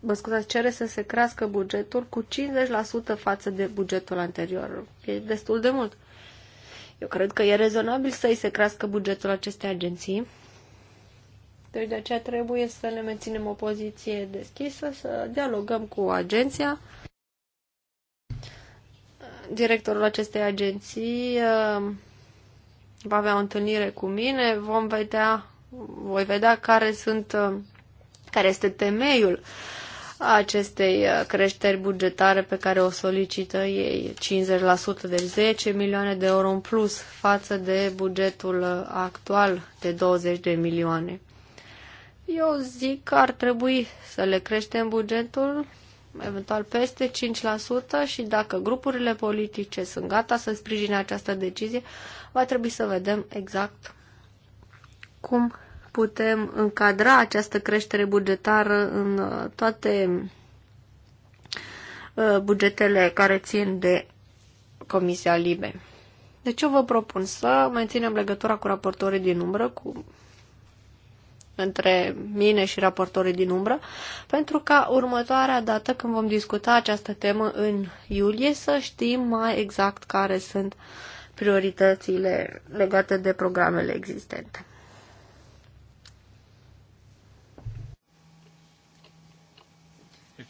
A: mă scuzați, cere să se crească bugetul cu 50% față de bugetul anterior. E destul de mult. Eu cred că e rezonabil să-i se crească bugetul acestei agenții. Deci de aceea trebuie să ne menținem o poziție deschisă, să dialogăm cu agenția. Directorul acestei agenții uh, va avea o întâlnire cu mine, vom vedea, voi vedea care sunt, uh, care este temeiul uh, a acestei uh, creșteri bugetare pe care o solicită ei, 50%, deci 10 milioane de euro în plus față de bugetul uh, actual de 20 de milioane. Eu zic că ar trebui să le creștem bugetul eventual peste 5% și dacă grupurile politice sunt gata să sprijine această decizie, va trebui să vedem exact cum putem încadra această creștere bugetară în uh, toate uh, bugetele care țin de Comisia Libe. Deci eu vă propun să menținem legătura cu raportorii din umbră, cu între mine și raportorii din umbră, pentru ca următoarea dată când vom discuta această temă în iulie să știm mai exact care sunt prioritățile legate de programele existente.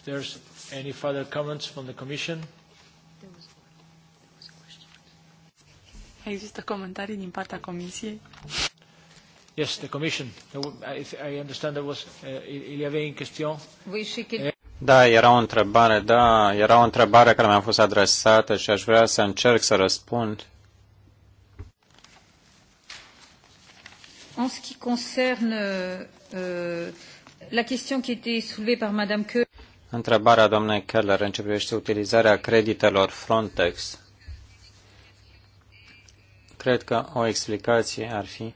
B: there's
C: any further comments from the Commission?
B: Există comentarii din partea Comisiei?
C: Yes, the Commission.
A: I understand there was, uh, il y avait une question.
C: Da, era o întrebare, da, era o întrebare care mi-a fost adresată și aș vrea să încerc să răspund. În ce concerne
A: euh, la question qui était soulevée par Madame Keul,
C: Întrebarea doamnei Keller în ce privește utilizarea creditelor Frontex. Cred că o explicație ar fi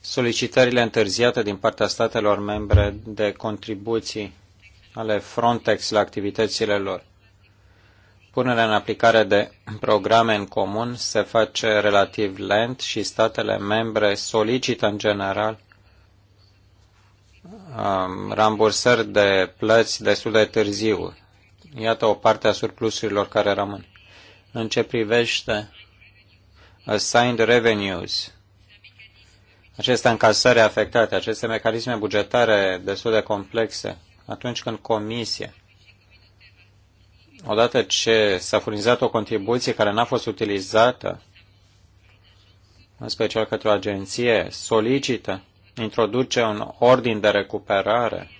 C: solicitările întârziate din partea statelor membre de contribuții ale Frontex la activitățile lor. Punerea în aplicare de programe în comun se face relativ lent și statele membre solicită în general rambursări de plăți destul de târziu. Iată o parte a surplusurilor care rămân. În ce privește assigned revenues, aceste încasări afectate, aceste mecanisme bugetare destul de complexe, atunci când comisia, odată ce s-a furnizat o contribuție care n-a fost utilizată, în special către o agenție, solicită introduce un ordin de recuperare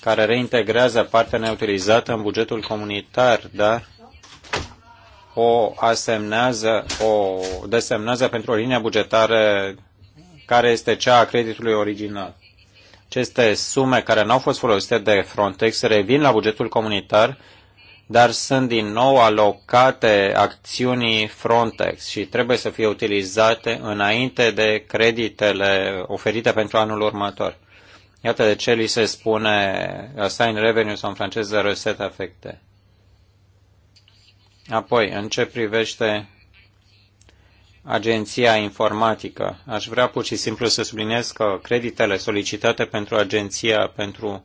C: care reintegrează partea neutilizată în bugetul comunitar, dar o asemnează, o desemnează pentru o linie bugetară care este cea a creditului original. Aceste sume care nu au fost folosite de Frontex revin la bugetul comunitar dar sunt din nou alocate acțiunii Frontex și trebuie să fie utilizate înainte de creditele oferite pentru anul următor. Iată de ce li se spune assign revenue sau în franceză reset afecte. Apoi, în ce privește agenția informatică, aș vrea pur și simplu să subliniez că creditele solicitate pentru agenția pentru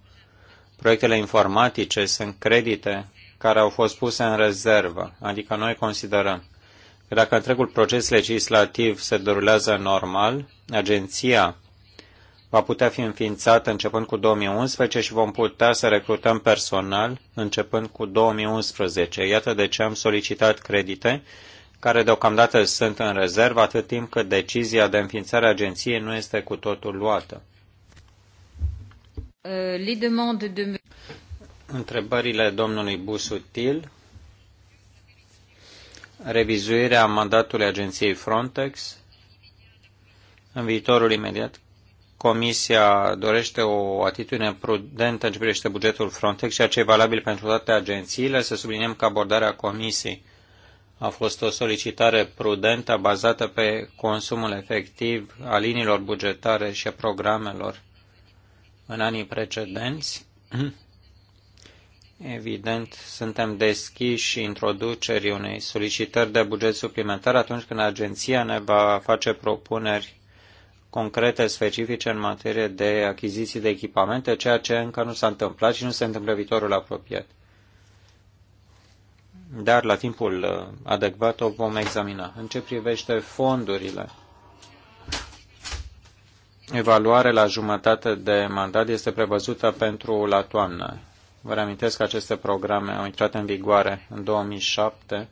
C: proiectele informatice sunt credite care au fost puse în rezervă. Adică noi considerăm că dacă întregul proces legislativ se derulează normal, agenția va putea fi înființată începând cu 2011 și vom putea să recrutăm personal începând cu 2011. Iată de ce am solicitat credite care deocamdată sunt în rezervă atât timp cât decizia de înființare a agenției nu este cu totul luată.
A: Euh,
C: întrebările domnului Busutil, revizuirea mandatului agenției Frontex, în viitorul imediat, Comisia dorește o atitudine prudentă în ce privește bugetul Frontex, ceea ce e valabil pentru toate agențiile. Să subliniem că abordarea Comisiei a fost o solicitare prudentă bazată pe consumul efectiv a liniilor bugetare și a programelor în anii precedenți Evident, suntem deschiși introducerii unei solicitări de buget suplimentar atunci când agenția ne va face propuneri concrete, specifice în materie de achiziții de echipamente, ceea ce încă nu s-a întâmplat și nu se întâmplă viitorul apropiat. Dar la timpul uh, adecvat o vom examina. În ce privește fondurile, evaluare la jumătate de mandat este prevăzută pentru la toamnă. Vă reamintesc că aceste programe au intrat în vigoare în 2007,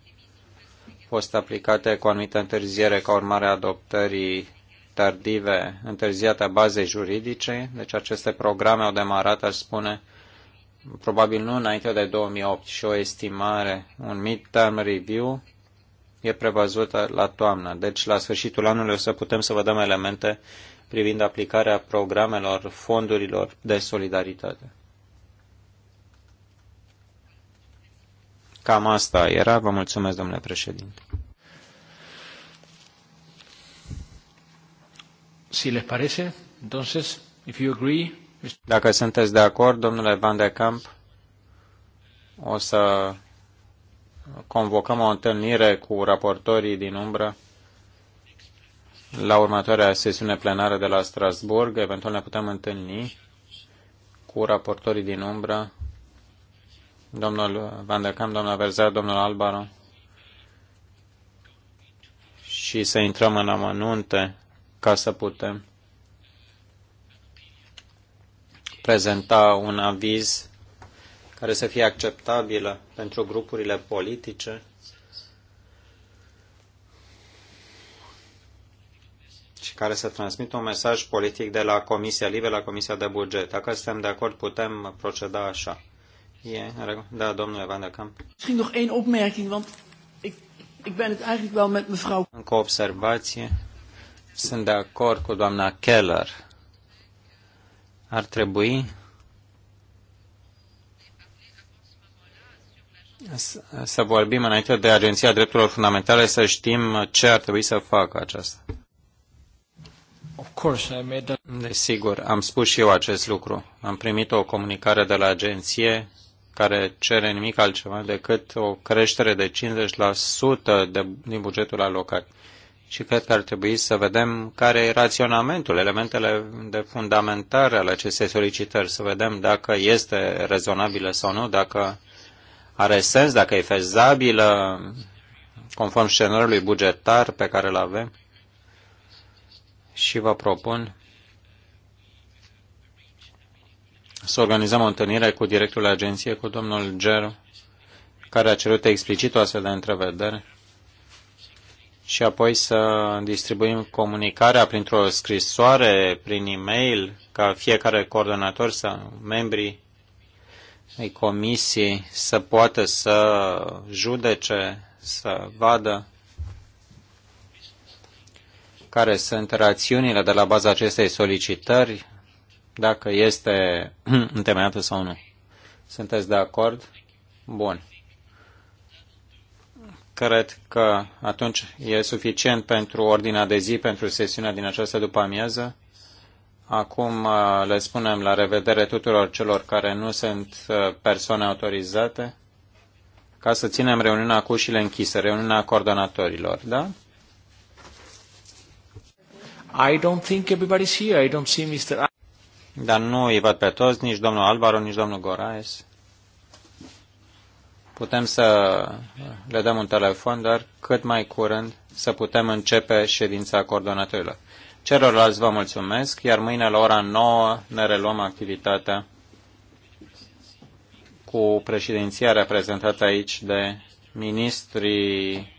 C: fost aplicate cu anumită întârziere ca urmare a adoptării tardive, întârziate a bazei juridice, deci aceste programe au demarat, aș spune, probabil nu înainte de 2008 și o estimare, un mid-term review e prevăzută la toamnă. Deci la sfârșitul anului o să putem să vă dăm elemente privind aplicarea programelor fondurilor de solidaritate. Cam asta era. Vă mulțumesc, domnule președinte. Si les parece, entonces, if you agree... Dacă sunteți de acord, domnule Van de Camp, o să convocăm o întâlnire cu raportorii din umbră la următoarea sesiune plenară de la Strasburg. Eventual ne putem întâlni cu raportorii din umbră domnul Van der Kamp, domnul Verzer, domnul Albaro și să intrăm în amănunte ca să putem prezenta un aviz care să fie acceptabilă pentru grupurile politice și care să transmită un mesaj politic de la Comisia Libe la Comisia de Buget. Dacă suntem de acord, putem proceda așa. Da, domnule Van der Kamp.
B: Misschien nog één opmerking, want ik, ik ben het eigenlijk wel met mevrouw...
C: Een observatie. Sunt de acord cu doamna Keller. Ar trebui să vorbim înainte de Agenția Drepturilor Fundamentale, să știm ce ar trebui să facă aceasta. Desigur, am spus și eu acest lucru. Am primit o comunicare de la agenție care cere nimic altceva decât o creștere de 50% de, din bugetul alocat. Și cred că ar trebui să vedem care e raționamentul, elementele de fundamentare ale acestei solicitări, să vedem dacă este rezonabilă sau nu, dacă are sens, dacă e fezabilă conform scenariului bugetar pe care îl avem. Și vă propun să organizăm o întâlnire cu directorul agenției, cu domnul Ger, care a cerut explicit o astfel de întrevedere și apoi să distribuim comunicarea printr-o scrisoare, prin e-mail, ca fiecare coordonator sau membrii ai comisiei să poată să judece, să vadă care sunt rațiunile de la baza acestei solicitări, dacă este întemeiată sau nu. Sunteți de acord? Bun. Cred că atunci e suficient pentru ordinea de zi, pentru sesiunea din această după amiază. Acum uh, le spunem la revedere tuturor celor care nu sunt uh, persoane autorizate ca să ținem reuniunea cu ușile închise, reuniunea coordonatorilor, da? I don't think everybody's here. I don't see Mr. Dar nu îi văd pe toți, nici domnul Alvaro, nici domnul Goraes. Putem să le dăm un telefon, dar cât mai curând să putem începe ședința coordonatorilor. Celorlalți vă mulțumesc, iar mâine la ora 9 ne reluăm activitatea cu președinția reprezentată aici de ministrii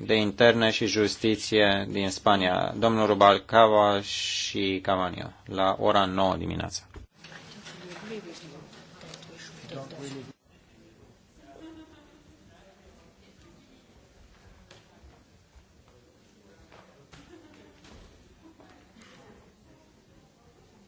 C: de Interne și Justiție din Spania, domnul Rubalcava și Cavanio, la ora 9 dimineața.